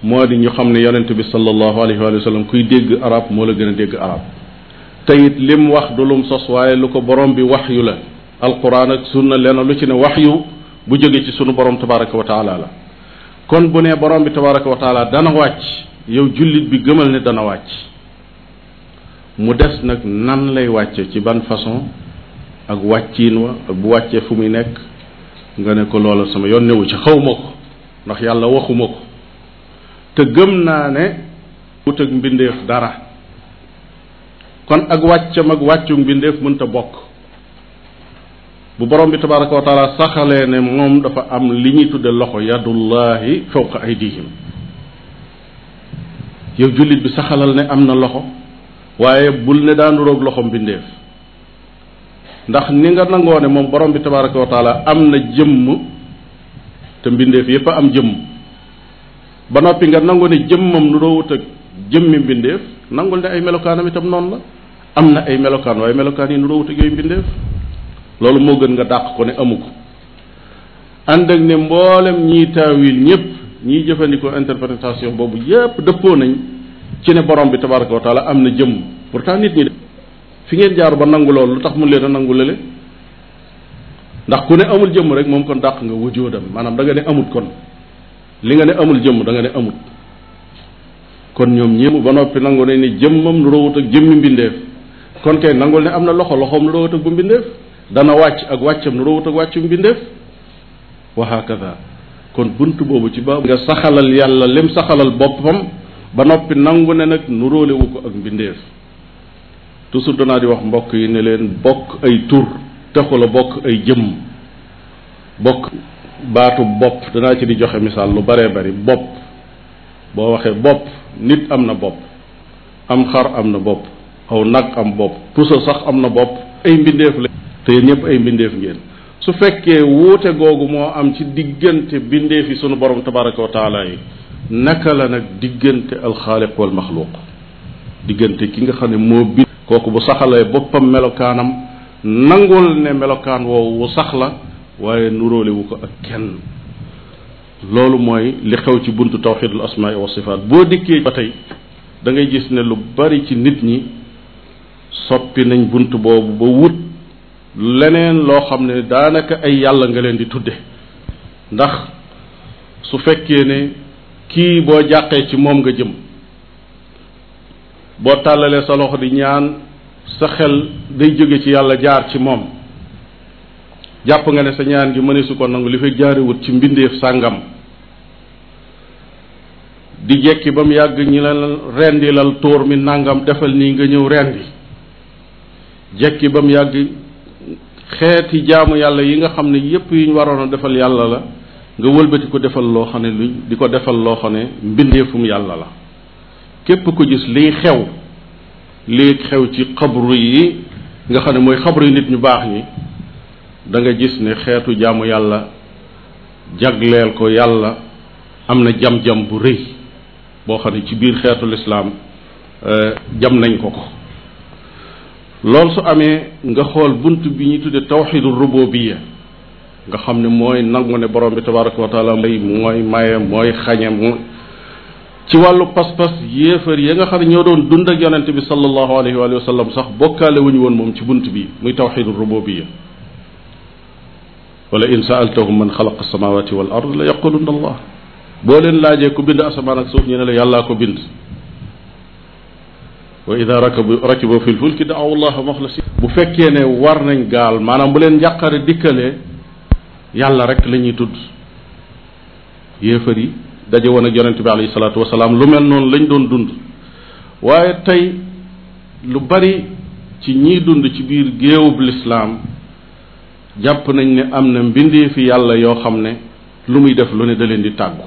[SPEAKER 1] moo di ñu xam ne yonent bi sallallahu alayhi wa sallam kuy dégg arab moo la gën a dégg arab teyit lim wax du lum sos waaye lu ko borom bi wax yu la alquran ak sunna lenn lu ci ne wax yu bu jóge ci sunu borom tabaraka wa la kon bu nee borom bi tabaraka dana wàcc yow jullit bi gëmal ne dana wàcc mu des nag nan lay wàcce ci ban façon ak wàccin wa ak bu wàccee fu muy nekk nga ne ko loola sama yoon newu ci xawma ko ndax yàlla waxuma ko te gëm naa ne wut ak mbindeef dara kon ak wàcc ak wàccu mbindeef mënta bokk bu borom bi tabaraka wa taala saxalee ne moom dafa am li ñuy tudde loxo yadullahi fawqa aydihim yow jullit bi saxalal ne am na loxo waaye bul ne daanu roog loxo mbindeef ndax ni nga nangoo moom borom bi tabaraka wa am na jëmm te mbindeef yépp am jëmm ba noppi nga nangoo ne jëmmam nu doo wut ak jëmmi mbindeef nangul ne ay melokaanam itam noonu la am na ay melokaan waaye melokaan yi nu doo wut yooyu mbindeef loolu moo gën nga dàq ko ne amu ko ànd ak ne mboolem ñiy taawil ñépp ñiy jëfandikoo interprétation boobu yépp dëppoo nañ ci ne borom bi tabaraka wa taala am na jëmm pourtant nit ñi fi ngeen jaar ba nangu loolu lu tax mu leen a nangu lële ndax ku ne amul jëmm rek moom kon dàq nga wujoodam maanaam da nga ne amut kon li nga ne amul jëmm da nga ne amut kon ñoom ñépp ba noppi nangu nañ ne jëmmam lu roowut ak jëmmi mbindeef kon kay nangul ne am na loxo loxoom lu roowut bu mbindeef dana wàcc ak wàccam nu roowut ak wàccum mbindeef wa hakada kon bunt boobu ci ba nga saxalal yàlla lim saxalal boppam ba noppi nangu ne nag nu róolewu ko ak mbindeef toujours danaa di wax mbokk yi ne leen bokk ay tur taxu a bokk ay jëm bokk baatu bopp danaa ci di joxe misaal lu baree bari bopp boo waxee bopp nit am na bopp am xar am na bopp aw nag am bopp puso sax am na bopp ay mbindeef la te ñëpp ay mbindeef ngeen su fekkee wuute googu moo am ci diggante bindeef yi sunu boroom tabaraka wa taala yi naka la nag diggante alxaaliq wal maxluuq diggante ki nga xam ne moo bind kooku bu saxalee boppam melokaanam nangul ne melokaan woowu sax la waaye nuróolewu ko ak kenn loolu mooy li xew ci buntu tawxidul asmaa wa sifaat boo dikkee ba tey dangay gis ne lu bari ci nit ñi soppi nañ bunt boobu ba wut leneen loo xam ne daanaka ay yàlla nga leen di tudde ndax su fekkee ne kii boo jàqee ci moom nga jëm boo tàllalee sa loxo di ñaan sa xel day jóge ci yàlla jaar ci moom jàpp nga ne sa ñaan gi mëneesu ko nangu li fay jaarewut ci mbindeef sàngam di jekki ba mu yàgg ñi la rendilal tóor mi nàngam defal nii nga ñëw rendi jekki ba mu yàgg xeeti jaamu yàlla yi nga xam ne yépp yu ñu waroon a defal yàlla la nga wëlbati ko defal loo xam ne lu di ko defal loo xam ne mbindeefum yàlla la képp ko gis liy xew lii xew ci xabru yi nga xam ne mooy xabru yi nit ñu baax ñi danga gis ne xeetu jaamu yàlla jagleel ko yàlla am na jam-jam bu rëy boo xam ne ci biir xeetu lislaam euh, jam nañ ko ko loolu su amee nga xool bunt bi ñuy tudde tawxidu rububiya nga xam ne mooy nangu ne borom bi tabaraka wa taala mooy mooy maye mooy xañe mu ci wàllu pas-pas yéefar ya nga xam ne ñoo doon dund ak yonente bi sallallahu alayhi wa sallam sax bokkaale wuñu woon moom ci bunt bi muy tawxidu rububiya wala in saaltahum man a samawati wal ard la yaquluna allah boo leen laajee ku bind asamaan ak suuf ñu ne la yàllaa ko bind wa ida rakabu rakibu fi lfulki daaw la si bu fekkee ne war nañ gaal maanaam bu leen njàqare dikkalee yàlla rek lañuy tudd yéefar yi daje woon ak yonente bi alayhi salaatu wasalaam lu mel noonu lañ doon dund waaye tey lu bari ci ñiy dund ci biir géewub lislaam jàpp nañ ni am na mbindee fi yàlla yoo xam ne lu muy def lu ne da leen di tàggu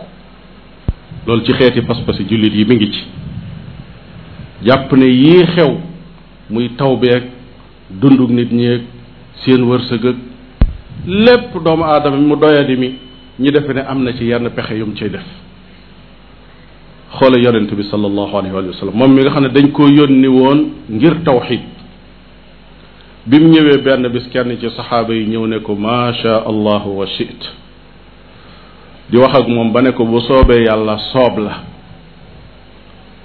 [SPEAKER 1] loolu ci xeeti pas-pasi jullit yi mi ngi ci jàpp ne yii xew muy taw beeg dundug nit ñeeg seen wërsëg ak lépp doomu aadama mu doyadi mi ñu defe ne am na ci yenn pexe yum ciy def xoola yonent bi sallallahu alayhi wa moom mi nga xam ne dañ koo yónni woon ngir tawxid bi mu ñëwee benn bis kenn ci saxaaba yi ñëw ne ko ma sha allahu wa shit di wax ak moom ba ne ko bu soobee yàlla soob la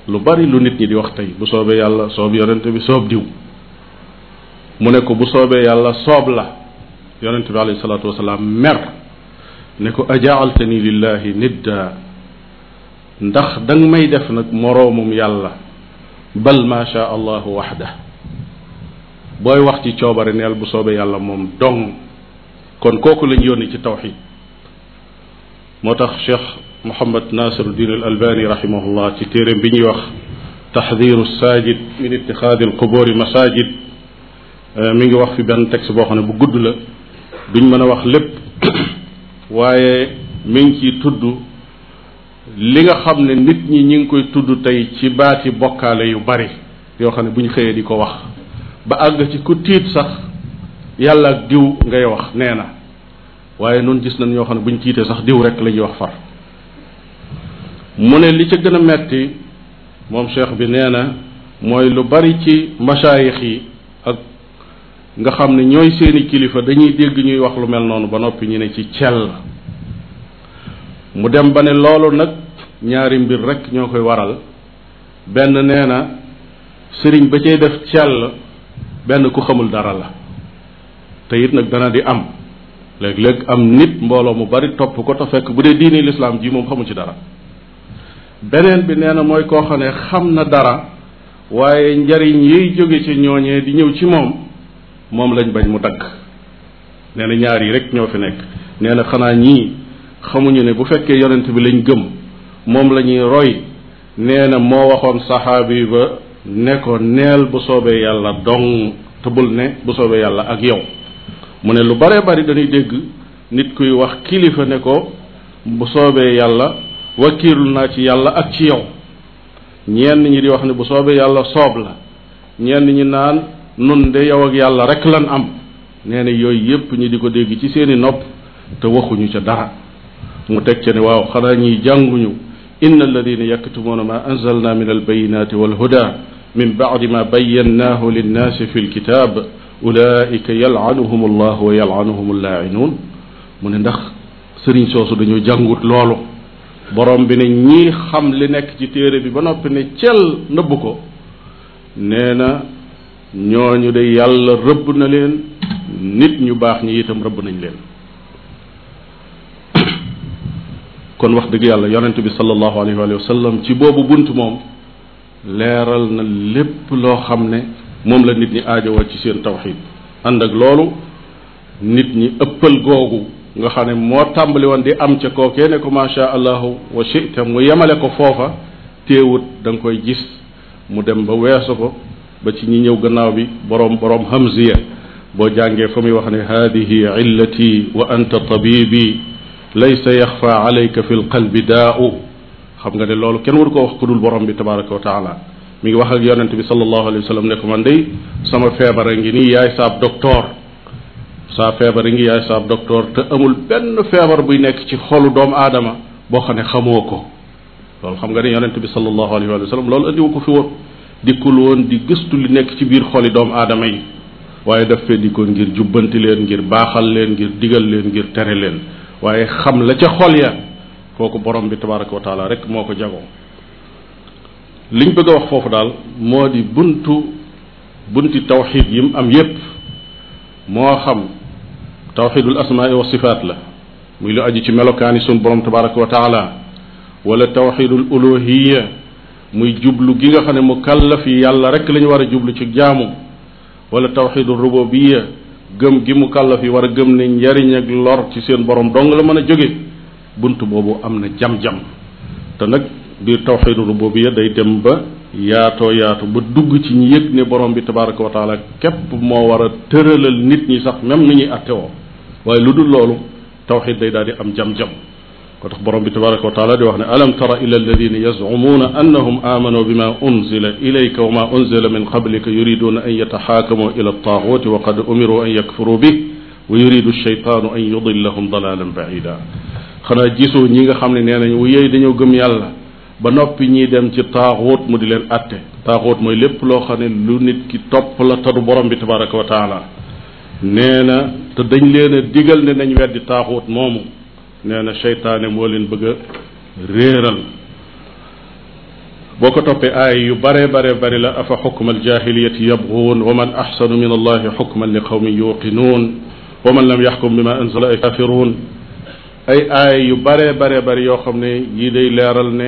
[SPEAKER 1] lu bari lu nit ñi di wax tey bu soobee yàlla soob yonent bi soob diw mu ne ko bu soobee yàlla soob la yonent bi alayhi salaatu wasalaam mer ne ko ajaaltani lillahi ndax danga may def nag moroomum yàlla bal ma sha allahu waxda booy wax ci coobare neel bu soobee yàlla moom dong kon kooku lañ yónni ci tawxid moo tax cheikh Mouhamed Nasiruddin al Albani rahimahullah ci téereem bi ñuy wax taxdiru saajid min itixaadi alqubuuri masaajid euh, mi ngi wax fi benn texte boo xam ne bu gudd la duñ mën a wax lépp waaye mi ngi tudd li nga xam ne nit ñi ñu ngi koy tudd tey ci baati bokkaale yu bari yoo xam ne bu ñu xëyee di ko wax ba àgg ci ku tiit sax yàlla ak diw ngay wax nee na waaye noonu gis nañ ñoo xam ne bu ñu tiitee sax diw rek la ñuy wax far mu ne li ca gën a metti moom cheikh bi nee na mooy lu bari ci masaayix yi ak nga xam ne ñooy seeni kilifa dañuy dégg ñuy wax lu mel noonu ba noppi ñu ne ci cell mu dem ba ne loolu nag ñaari mbir rek ñoo koy waral benn nee na sëriñ ba cay def cell benn ku xamul dara la te it nag dana di am léeg-léeg am nit mbooloo mu bari topp ko te fekk bu dee diini lislaam ji moom xamu ci dara beneen bi nee na mooy koo xam ne xam na dara waaye njariñ yiy jóge ci ñooñee di ñëw ci moom moom lañ bañ mu dagg nee na ñaar yi rek ñoo fi nekk nee na xanaa ñii xamuñu ne bu fekkee yonent bi lañ gëm moom la roy nee na moo waxoon saxaabi ba ne ko bu soobee yàlla dong te bul ne bu soobee yàlla ak yow mu ne lu bare bari dañuy dégg nit kuy wax kilifa ne ko bu soobee yàlla wakkiirlu naa ci yàlla ak ci yow ñenn ñi di wax ne bu soobee yàlla soob la ñenn ñi naan nun de yow ak yàlla rek lan am nee na yooyu yépp ñi di ko dégg ci seeni nopp te waxuñu ca dara mu teg ca waaw xanaa ñiy jànguñu inna alladina yaktumuuna ma anzalna min albayinati walhuda min bacdi ma bayannahu linnaasi fi lkitab ulaika yalcanuhum allah wa yalcanuhum allaacinuun mu ne ndax sëriñ soosu dañoo jàngut loolu borom bi ne ñii xam li nekk ci téere bi ba noppi ne cel nëbb ko nee na ñooñu de yàlla rëbb na leen nit ñu baax ñi itam rëbb nañ leen kon wax dëgg yàlla yonent bi sallallahu alayhi wa sallam ci boobu bunt moom leeral na lépp loo xam ne moom la nit ñi aajowoo ci seen tawxid ànd ak loolu nit ñi ëppal googu nga xam ne moo tàmbali woon di am ca kookee ne ko macha allahu wa shita mu yemale ko foofa téewut da nga koy gis mu dem ba weesu ko ba ci ñi ñëw gannaaw bi boroom boroom hamziya boo jàngee fa muy wax ne haadihi illati wa anta tabibi laysa yaxfa alayka fi lqalbi daau xam nga ne loolu kenn waru ko wax ku dul borom bi tabaraka wa taala mi ngi wax ak yonente bi sallallahu alayhi wa sallam ne ko man day sama feebara ngi nii yaay saab docteur saa feebar yi ngi yaay saab docteur te amul benn feebar buy nekk ci xolu doomu aadama boo xam ne xamoo ko loolu xam nga ne yonent bi sallallahu alayhi wa sallam loolu andiwu ko fi woon dikkul di gëstu li nekk ci biir xoli doomu aadama yi waaye daf fee dikkoon ngir jubbanti leen ngir baaxal leen ngir digal leen ngir tere leen waaye xam la ca xol ya kooku borom bi tabaraka wa taala rek moo ko jagoo liñ bëgg a wax foofu daal moo di buntu bunti tawxiid yi mu am yépp moo xam tawxidul asmaai wa sifaat la muy lu aju ci melokaani sun borom tabaraka wa taala wala tawxidul uluhiya muy jublu gi nga xam ne mu kàllaf yi yàlla rek lañu war a jublu ci jaamu wala tawxidul rububiya gëm gi mu kàllaf yi war a gëm ne njariñ ak lor ci seen borom dong la mën a jóge bunt boobu am na jam-jam te nag biir tawxidu rububiya day dem ba yaatoo yaatu ba dugg ci ñi yëg ne borom bi tabaraka wa taala képp moo war a tëralal nit ñi sax même ni ñuy attewoo waaye lu dul loolu tawxid day daal di am jam-jam ko tax borom bi tabaraka wa taala di wax ne alam tara ila alladina yazumuuna annahum amanu bima unzila ilayka wa ma unzila min qablika yuriduna an yataxaakamu ila altaaxuti wa qad umiru an yakfuru bih wa yuridu alcheytaanu an yudillahum dalalan baida xanaa gisoo ñi nga xam ne nee nañ wu dañoo gëm yàlla ba noppi ñiy dem ci taaxóot mu di leen atte taaxóot mooy lépp loo xam ne lu nit ki topp la tadu borom bi tabaraka wa taala nee na te dañ leen a digal ne nañ weddi taaxóot moomu nee na seytaane moo leen bëgg a réeral boo ko toppee aay yu bare bare bari la afa xukma aljahiliyati yabguun wa man axsanu min allahi xukman li qawmin yuqinuun wa man lam yaxkum bima anzala ay kafiruun ay aay yu bare bare bare yoo xam ne yii day leeral ne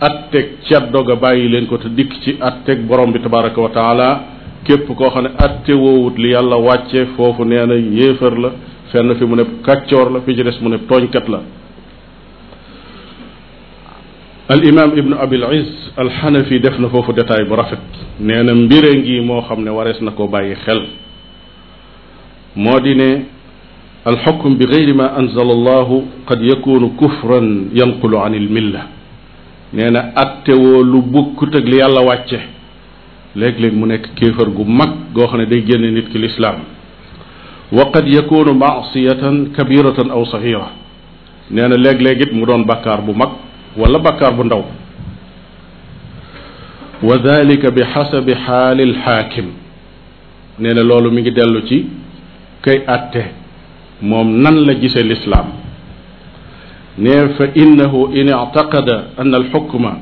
[SPEAKER 1] atteg ceddo ga bàyyi leen ko te dikk ci atteg borom bi tabaraka wa taala képp koo xam ne atte woowut li yàlla wàcce foofu nee na yéefar la fenn fi mu ne kàccoor la fi ci des mu ne tooñkat la al imam ibnu abil iz al xanafi def na foofu détail bu rafet nee na mbire ngi moo xam ne warees na koo bàyyi xel moo di ne alxukm bi gayri ma anzala allahu qad yakunu kufran yanqulu an ilmilla nee na attewoo lu bukkut ak li yàlla wàcce léeg-léeg mu nekk kéefar gu mag goo xam ne day génne nit ki lislaam wa qad yakunu maasiyatan kabiratan aw saxira nee na léeg mu doon bakkaar bu mag wala bakkaar bu ndaw wa dalika bi xasabi xaali alxaakim nee loolu mi ngi dellu ci kay atte moom nan la gise lislaam ne fa innahu in ictaqada an alxukma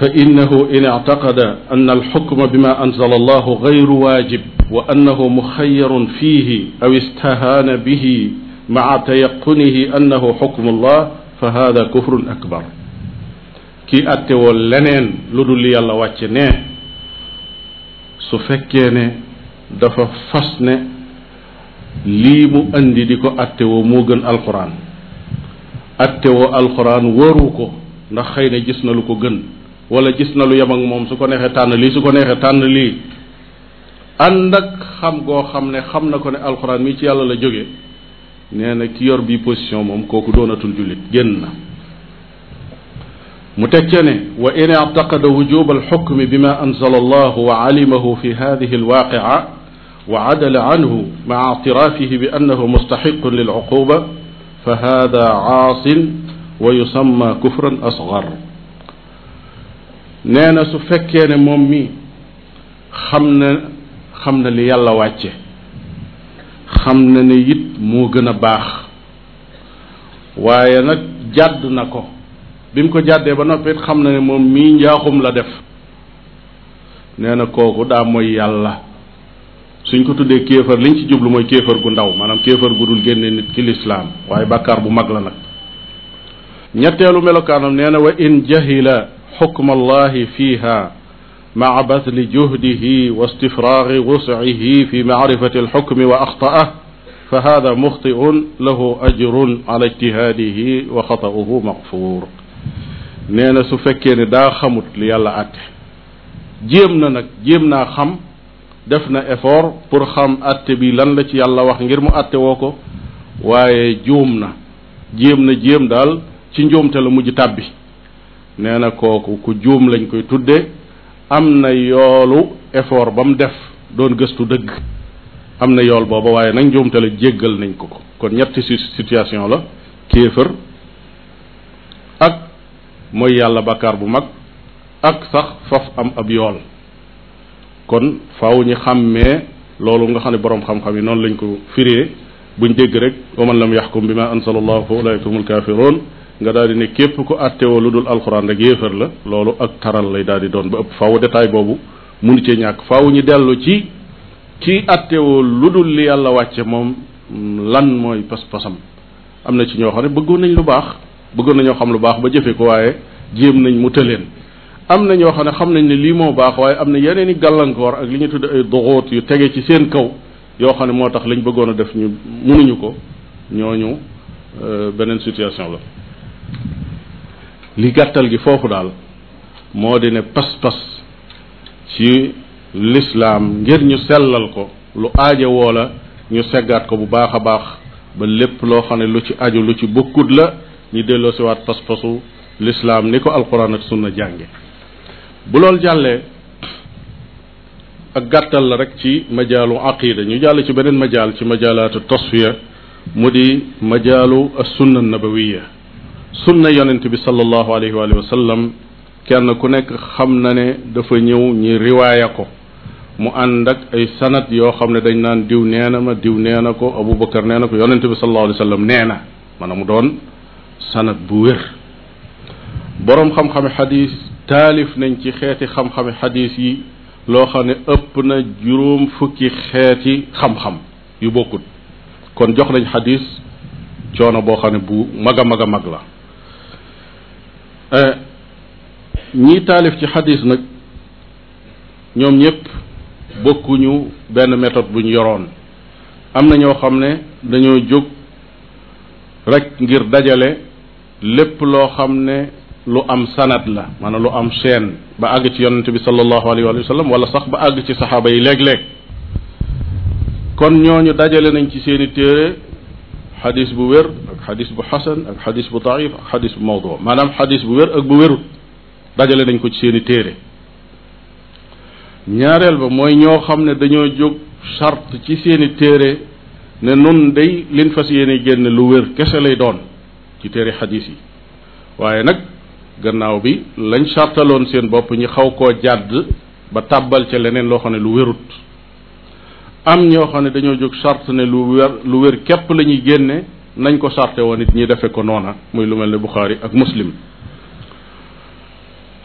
[SPEAKER 1] fa innahu in ictaqada an alxukma bima anzala allahu gayru waajib wa annahu muxayarun fiihi aw istahaana bihi maca tayaqunihi annahu xukmu llah fa hada kufrun akbar kii àttewoo leneen lu dul yàlla wàcce ne su fekkee ne dafa fas ne lii mu indi di ko attewoo moo gën alxuraan attewoo alxuraan waru ko ndax xëy na gis na lu ko gën wala gis na lu yem moom su ko neexee tànn lii su ko neexee tànn lii ànd ak xam goo xam ne xam na ko ne alxuraan mi ci yàlla la jóge nee na ki yor bi position moom kooku doonatul jullit génn na mu teg ca ne wa in i'taqada wujub alxukmi bima anzala allahu wa alimahu fi hadihi alwaqia wa adala anhu maa actirafihi bi annahu mustaxiqun lilcuquba fa hada aasin wa yusamma kufran asgar nee na su fekkee ne moom mi xam na xam na li yàlla wàcce xam na ne it moo gën a baax waaye nag jàdd na ko bi mu ko jàddee ba noppi it xam na ne moom mii njaaxum la def nee na kooku daa mooy yàlla suñ ko tuddee kéefar liñ ci jublu mooy kéefar gu ndaw maanaam kéefar gu dul génne waaye bàkkaar bu mag la nag ñetteelu melokaanam nee na wa in jahila xukma allahi fiha maa bathli juhdihi wa istifraagi wuscihi fi macrifati alxukmi wa axta'ah fa hada muxtiun lahu ajrun ala ijtihaadihi wa xata'uhu maxfuur su fekkee ne daa xamut li yàlla àtte jéem na nag def na efoor pour xam àtte bi lan la ci yàlla wax ngir mu àtte woo ko waaye juum na jéem na jéem daal ci njuumte la mujj tàbbi nee na kooku ku juum lañ koy tuddee am na yoolu effort ba mu def doon gëstu dëgg am na yool booba waaye nag njuumte la jéggal nañ ko ko kon ñetti situation la kéefër ak mooy yàlla bàkkaar bu mag ak sax faf am ab yool kon faaw ñu xàmmee loolu nga xam ne boroom xam-xam yi noonu lañ ko firee buñ dégg rek wa man lam yaxkum bi ma ansala allahu fa ulaika humul kaafiroon nga daal di ne képp ko àttewoo lu dul alxuraan rek yéefar la loolu ak taral lay daal di doon ba ëpp faaw détail boobu munu cee ñàkk faaw ñu dellu ci ki àttewoo lu dul li yàlla wàcce moom lan mooy pas-pasam am na ci ñoo xam ne bëggoon nañ lu baax bëggoon nañoo xam lu baax ba jëfe ko waaye jéem nañ mu tëleen am na ñoo xam ne xam nañ ne lii moo baax waaye am na yeneen i gàllankoor ak li ñu tudd ay doxoot yu tege ci seen kaw yoo xam ne moo tax lañ bëggoon def ñu mënuñu ko ñoo ñooñu euh, beneen situation la li gàttal gi foofu daal moo di ne pas-pas ci lislaam ngir ñu sellal ko lu aaja woo la ñu seggaat ko bu baax a baax ba lépp loo xam ne lu ci aju lu ci bokkut la ñu delloosiwaat pas-pasu lislaam ni ko alquran ak sunna jànge bu loolu jàllee ak gàttal la rek ci majaalu aqida ñu jàll ci beneen majaal ci majaalaatu tasfiya mu di majaalu sunna nabawiya sunna yonent bi sallallahu alayhi wa sallam kenn ku nekk xam na ne dafa ñëw ñi riwaaya ko mu ànd ak ay sanat yoo xam ne dañ naan diw nee na ma diw nee na ko Abubakar nee na ko yonent bi sallallahu alayhi nee na maanaam mu doon sanat bu wér boroom xam-xame xadiis taalif nañ ci xeeti xam-xami xadiis yi loo xam ne ëpp na juróom fukki xeeti xam-xam yu bokkut kon jox nañ xadiis coono boo xam ne bu mag a mag a mag la eh, ñi taalif ci xadiis nag ñoom ñépp bokkuñu benn méthode bu ñu yoroon am na ñoo xam ne dañoo jóg rekk ngir dajale lépp loo xam ne lu am sanad la maanaam lu am chaîne ba àgg ci yonente bi sallallahu alayhi wa sallam wala sax ba àgg ci saxaaba yi léeg-léeg kon ñooñu dajale nañ ci seeni téere xadis bu wér ak xadis bu xasan ak xadis bu daif ak xadis bu mawdu maanaam xadis bu wér ak bu wérut dajale nañ ko ci seeni téere ñaareel ba mooy ñoo xam ne dañoo jóg charte ci seeni téere ne nun day liñ fas yéene génn lu wér kese lay doon ci téere xadis yi waaye nag gannaaw bi lañ sartaloon seen bopp ñi xaw koo jàdd ba tàbbal ca leneen loo xam ne lu wérut am ñoo xam ne dañoo jóg sart ne lu wér lu wér képp la ñuy génne nañ ko sarte woon it ñi defe ko noona muy lu mel ne Buxaari ak Muslim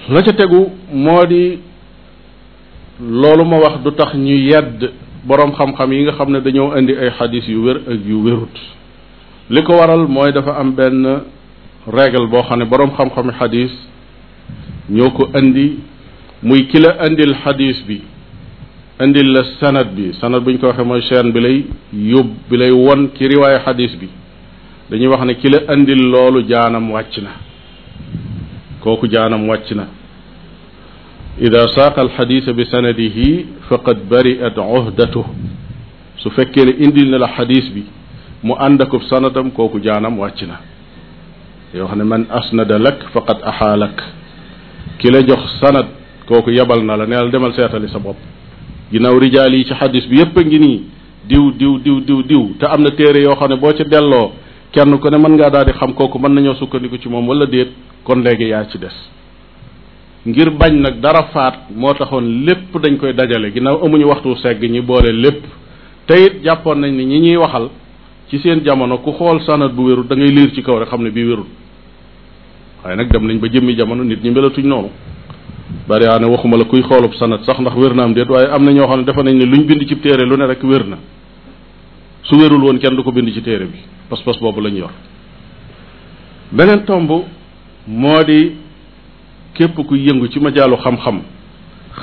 [SPEAKER 1] la ca tegu moo di loolu ma wax du tax ñu yedd boroom xam-xam yi nga xam ne dañoo indi ay xadis yu wér ak yu wérut li ko waral mooy dafa am benn règle boo xam ne boroom xam-xami xadis ñoo ko indi muy ki la indil xadis bi indil la sanad bi sanad bu ñu ko waxee mooy chaîne bi lay yóbbu bi lay won ki riwaaye xadis bi dañuy wax ne ki la indil loolu jaanam wàcc na kooku jaanam wàcc na ida saaqa alxadisa bi sanadihi faqad bariat ohdatu su fekkee ne indil na la xadis bi mu ànd akub sanadam kooku jaanam wàcc na yoo xam ne man asnada lak faqad axaalak ki la jox sanad kooku yebal na la neel demal seetali sa bopp ginnaaw rijaal yi ci xadis bi yépp a ngi nii diw diw diw diw diw te am na téere yoo xam ne boo ci delloo kenn ku ne mën ngaa daal di xam kooku mën nañoo sukkandiku ci moom wala déet kon léegi yaa ci des ngir bañ nag dara faat moo taxoon lépp dañ koy dajale ginnaaw amuñu waxtu segg ñi boole lépp te jàppoon nañ ni ñi ñuy waxal ci seen jamono ku xool sanad bu wérul dangay ngay liir ci kaw rek xam ne bii wérul waaye nag dem nañ ba jëmmi jamono nit ñi melatuñ noonu bari ne waxuma la kuy xoolub sanad sax ndax wér na am déet waaye am na ñoo xam ne defe nañ ne luñ bind ci téere lu ne rek wér na su wérul woon kenn du ko bind ci téere bi pas-pas boobu lañu yor beneen tomb moo di képp ku yëngu ci majaalu xam-xam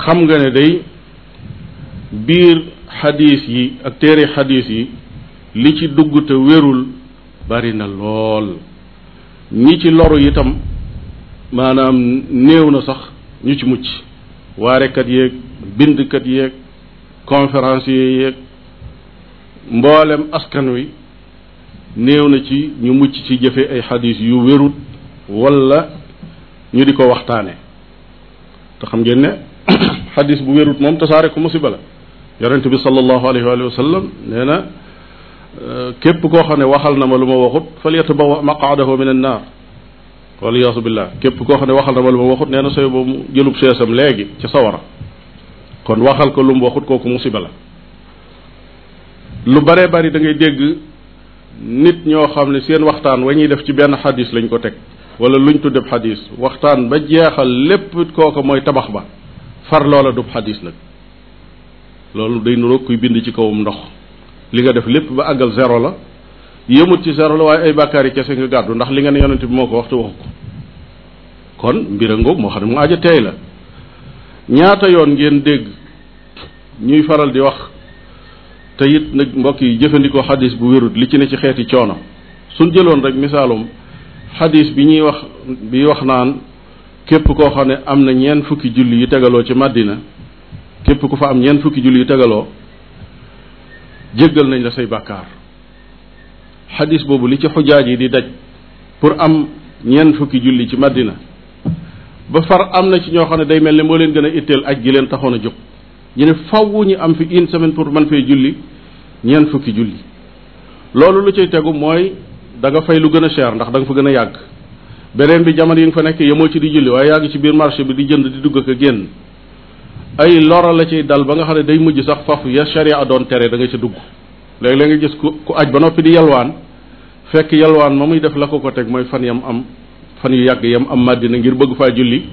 [SPEAKER 1] xam nga ne day biir xadiis yi ak téere xadiis yi li ci dugg te wérul bari na lool ñi ci loro itam maanaam néew na sax ñu ci mucc waarekat yeeg bindkat yeeg conférencier yeeg mboolem askan wi néew na ci ñu mucc ci jëfe ay xadis yu wérut wala ñu di ko waxtaane te xam ngeen ne xadis bu wérut moom te tasaare ko musiba bala yonent bi sallallahu alayhi wa sallam nee na Euh, képp koo xam ne waxal na ma lu ma waxut falyatabawa maqaadahu min an naar waliyaasu billah képp koo xam ne waxal na ma lu ma waxut nee na sooy ba mu jëlub seesam léegi ca sawara kon waxal ko lu mu waxut kooku musiba la lu bare bari da ngay dégg nit ñoo xam ne seen waxtaan wa ñuy def ci benn xadis lañ ko teg wala luñ tuddeb xadis waxtaan ba jeexal lépp kooko mooy tabax ba far loola dub xadis nag loolu day nuroog kuy bind ci kawum ndox li nga def lépp ba àggal zéro la yëmut ci zéro la waaye ay bàkkaar yi kese nga gàddu ndax li nga ne yonent bi moo ko waxtu waxu ko kon mbira ngoog moo xam ne mu aja teey la ñaata yoon ngeen dégg ñuy faral di wax te it nag mbokk yi jëfandikoo xadiis bu wérut li ci ne ci xeeti coono suñ jëloon rek misaalum xadis bi ñuy wax bi wax naan képp koo xam ne am na ñeen fukki julli yu tegaloo ci Madina képp ku fa am ñeen fukki julli yu tegaloo jéggal nañ la say bàkkaar xadis boobu li ci xujaaj yi di daj pour am ñeent fukki julli ci madina ba far am na ci ñoo xam ne day mel ne moo leen gën a itteel aj gi leen taxoon a jóg ñu ne faw ñu am fi une semaine pour man fee julli ñeent fukki julli loolu lu cay tegu mooy da nga fay lu gën a cher ndax da nga fa gën a yàgg beneen bi jamono yi nga fa nekk yemoo ci di julli waaye yaa ci biir marché bi di jënd di dugg ak a génn ay lora la ciy dal ba nga xam ne day mujj sax faf ya sharia doon tere da nga ci dugg léeg-léeg nga gis ku ku aj ba noppi di yalwaan fekk yalwaan ma muy def la ko ko teg mooy fan yam am fan yu yàgg yam am màddina ngir bëgg faa julli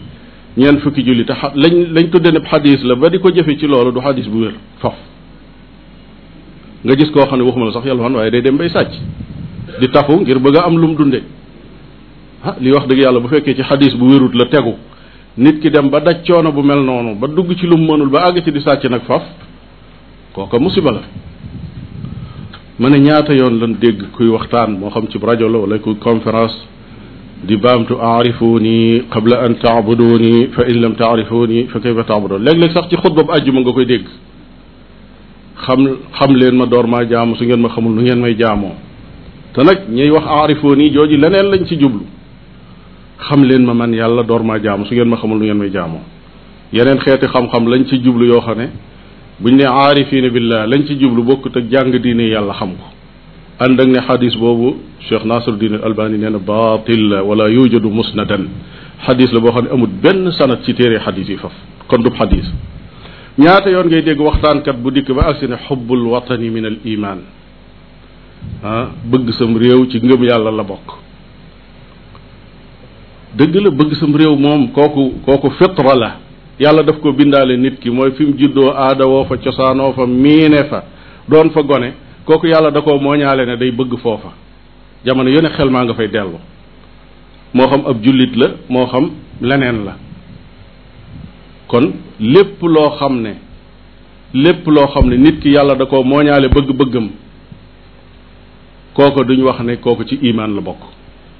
[SPEAKER 1] ñeent fukki julli te xa lañ lañ tudde ne xadiis la ba di ko jëfe ci loolu du xadis bu wér faf nga gis koo xam ne waxuma la sax yalwaan waaye day dem bay sàcc di tafu ngir bëgg am lu mu dunde ah li wax dëgg yàlla bu fekkee ci xadis bu wérut la tegu nit ki dem ba daj coono bu mel noonu ba dugg ci lu mu mënul ba àgg ci di sàcc nag faf kooka musiba la ma ne ñaata yoon lan dégg kuy waxtaan moo xam ci rajo la wala kuy conférence di baamtu aarifuuni qabla an taabuduuni fa in lam taarifuuni fa kayfa taabuduun léeg-léeg sax ci xutba bu àjjuma nga koy dégg xam xam leen ma door maa jaamu su ngeen ma xamul nu ngeen may jaamoo te nag ñuy wax aarifuuni jooju leneen lañ ci jublu xam leen ma man yàlla door maa jaamu su ngeen ma xamul nu ngeen may jaamoo yeneen xeeti xam-xam lañ ci jublu yoo xam ne buñ ne aarifiina billah lañ ci jublu bokkut ak jàng diine yàlla xam ko ànd ak ne xadis boobu Cheikh Nasruddin Albani nee na baatil la wala yujadu musnadan xadis la boo xam ne amul benn sanat ci téere xadis yi faf kon du xadis ñaata yoon ngay dégg waxtaankat bu dikk ba si ne xubbul watani min al iman ah bëgg sam réew ci ngëm yàlla la bokk dëgg la bëgg sam réew moom kooku kooku fitra la yàlla daf ko bindaale nit ki mooy fi mu juddoo aada woo fa cosaanoo fa miine fa doon fa gone kooku yàlla da koo mooñaale ne day bëgg foofa jamono yone xel maa nga fay dellu moo xam ab jullit la moo xam leneen la kon lépp loo xam ne lépp loo xam ne nit ki yàlla da koo mooñaale bëgg-bëggam kooku duñ wax ne kooku ci imaan la bokk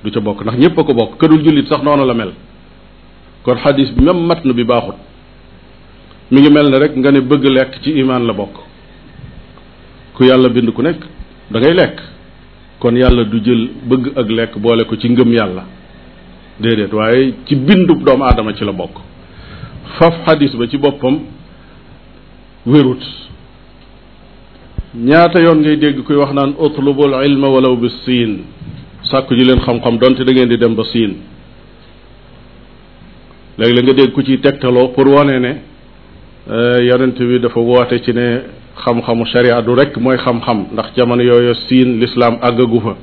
[SPEAKER 1] du ca bokk ndax ñépp a ko bokk këdul jullit sax noonu la mel kon xadis bi mat matn bi baaxut mu ngi mel ne rek nga ne bëgg lekk ci imaan la bokk ku yàlla bind ku nekk da ngay lekk kon yàlla du jël bëgg ak lekk boole ko ci ngëm yàlla déedéet waaye ci bindub doomu aadama ci la bokk faf xadis ba ci boppam wérut ñaata yoon ngay dégg kuy wax naan utlubul ilma walaw bis siin sàkku ji leen xam-xam donte da ngeen di dem ba siin léegi la nga dégg ku ci tegtaloo pour wane ne euh, yonent bi dafa woote ci ne xam-xamu sharia rek mooy xam-xam ndax jamono yooyu siin lislaam àggagu fa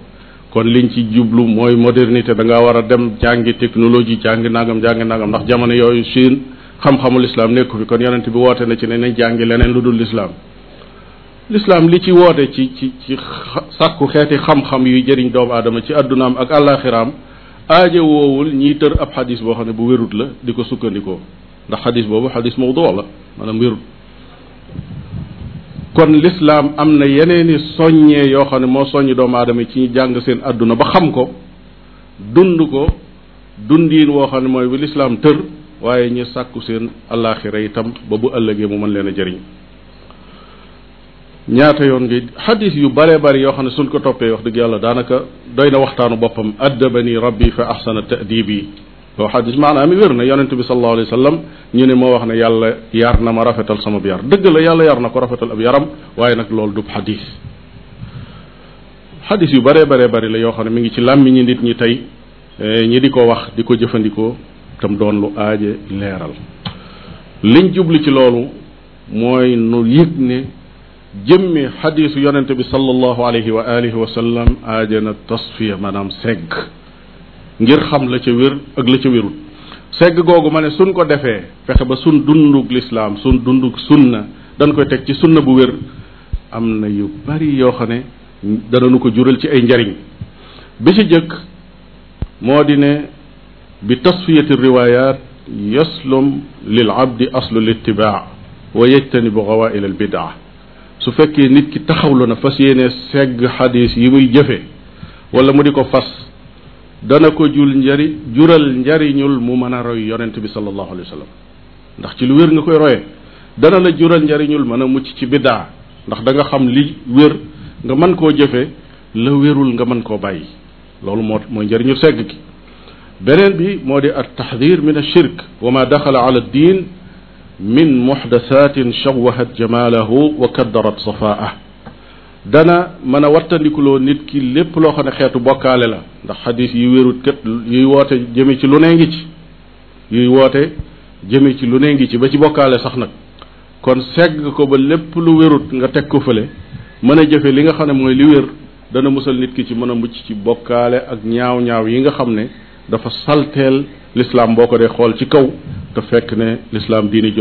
[SPEAKER 1] kon liñ ci jublu mooy modernité da ngaa war a dem jàngi technologie jàngi nangam jàngi nangam ndax jamono yooyu siin xam-xamu l'islam nekku fi kon yonent bi woote na ci ne nañ jàngi leneen lu dul lislaam lislaam li ci woote ci ci ci sàkku xeeti xam-xam yuy jëriñ doomu aadama ci àddunaam ak àllaaxiraam aaje woowul ñiy tër ab xadis boo xam ne bu wérut la di ko sukkandikoo ndax xadis boobu xadis mawdu la maanaam wérut kon lislaam am na yeneeni soññee yoo xam ne moo soññ doomu aadama ci ñu jàng seen àdduna ba xam ko dund ko dundiin woo xam ne mooy bi lislaam tër waaye ñu sàkku seen àllaaxira itam ba bu ëllëgee mu mën leen a jëriñ ñaata yoon ngay xadis yu bare bari yoo xam ne suñ ko toppee wax dëgg yàlla daanaka doy na waxtaanu boppam addabani rabbi fa ahsana ta'dibi boo xadis maanaam wér na yonente bi sallallahu alayhi wa sallam ñu ne moo wax ne yàlla yar na ma rafetal sama yar dëgg la yàlla yar na ko rafetal ab yaram waaye nag loolu du xadis xadis yu bare bare bari la yoo xam ne mu ngi ci làmmiñi nit ñi tey eh, ñi di ko wax di ko jëfandikoo tam doon lu aaje leeral liñ jubli ci loolu mooy nu yëg jëmmi xadiisu yonente bi sallallahu alayhi wa alihi wa sallam aajana tasfiya maanaam segg ngir xam la ca wér ak la ca wérut segg googu ma ne suñ ko defee fexe ba suñ dundug lislaam sun dundug sunna dañ koy teg ci sunna bu wér am na yu bari yoo xam ne danañu ko jural ci ay njariñ bi ci jëkk moo di ne bi tasfiyati riwayat yaslum lil abdi aslu littibaa wa yajtanibu gawail al bidaa su fekkee nit ki taxawlu na fas yéene segg xadis yi muy jëfe wala mu di ko fas dana ko jul njari jural njariñul mu mën a roy yonent bi sallallahu alayhi wa ndax ci lu wér nga koy royee dana la jural njariñul mën a mucc ci biddaa ndax danga xam li wér nga mën koo jëfe la wérul nga mën koo bàyyi loolu moo mooy njariñu segg gi beneen bi moo di at tahdir min ashirk wa ma daxala ala ad min muxdasatin shawahat jamaalahu wa kaddarat safaah dana mën a wattandikuloo nit ki lépp loo xam ne xeetu bokkaale la ndax xadis yi wérut kat yuy woote jëme ci lu ne ngi ci yuy woote jëme ci lu nee ngi ci ba ci bokkaale sax nag kon segg ko ba lépp lu wérut nga teg ko fële mën a jëfe li nga xam ne mooy li wér dana musal nit ki ci mën a mucc ci bokkaale ak ñaaw-ñaaw yi nga xam ne dafa salteel lislaam boo ko dee xool ci kaw te fekk ne l'islam diini ju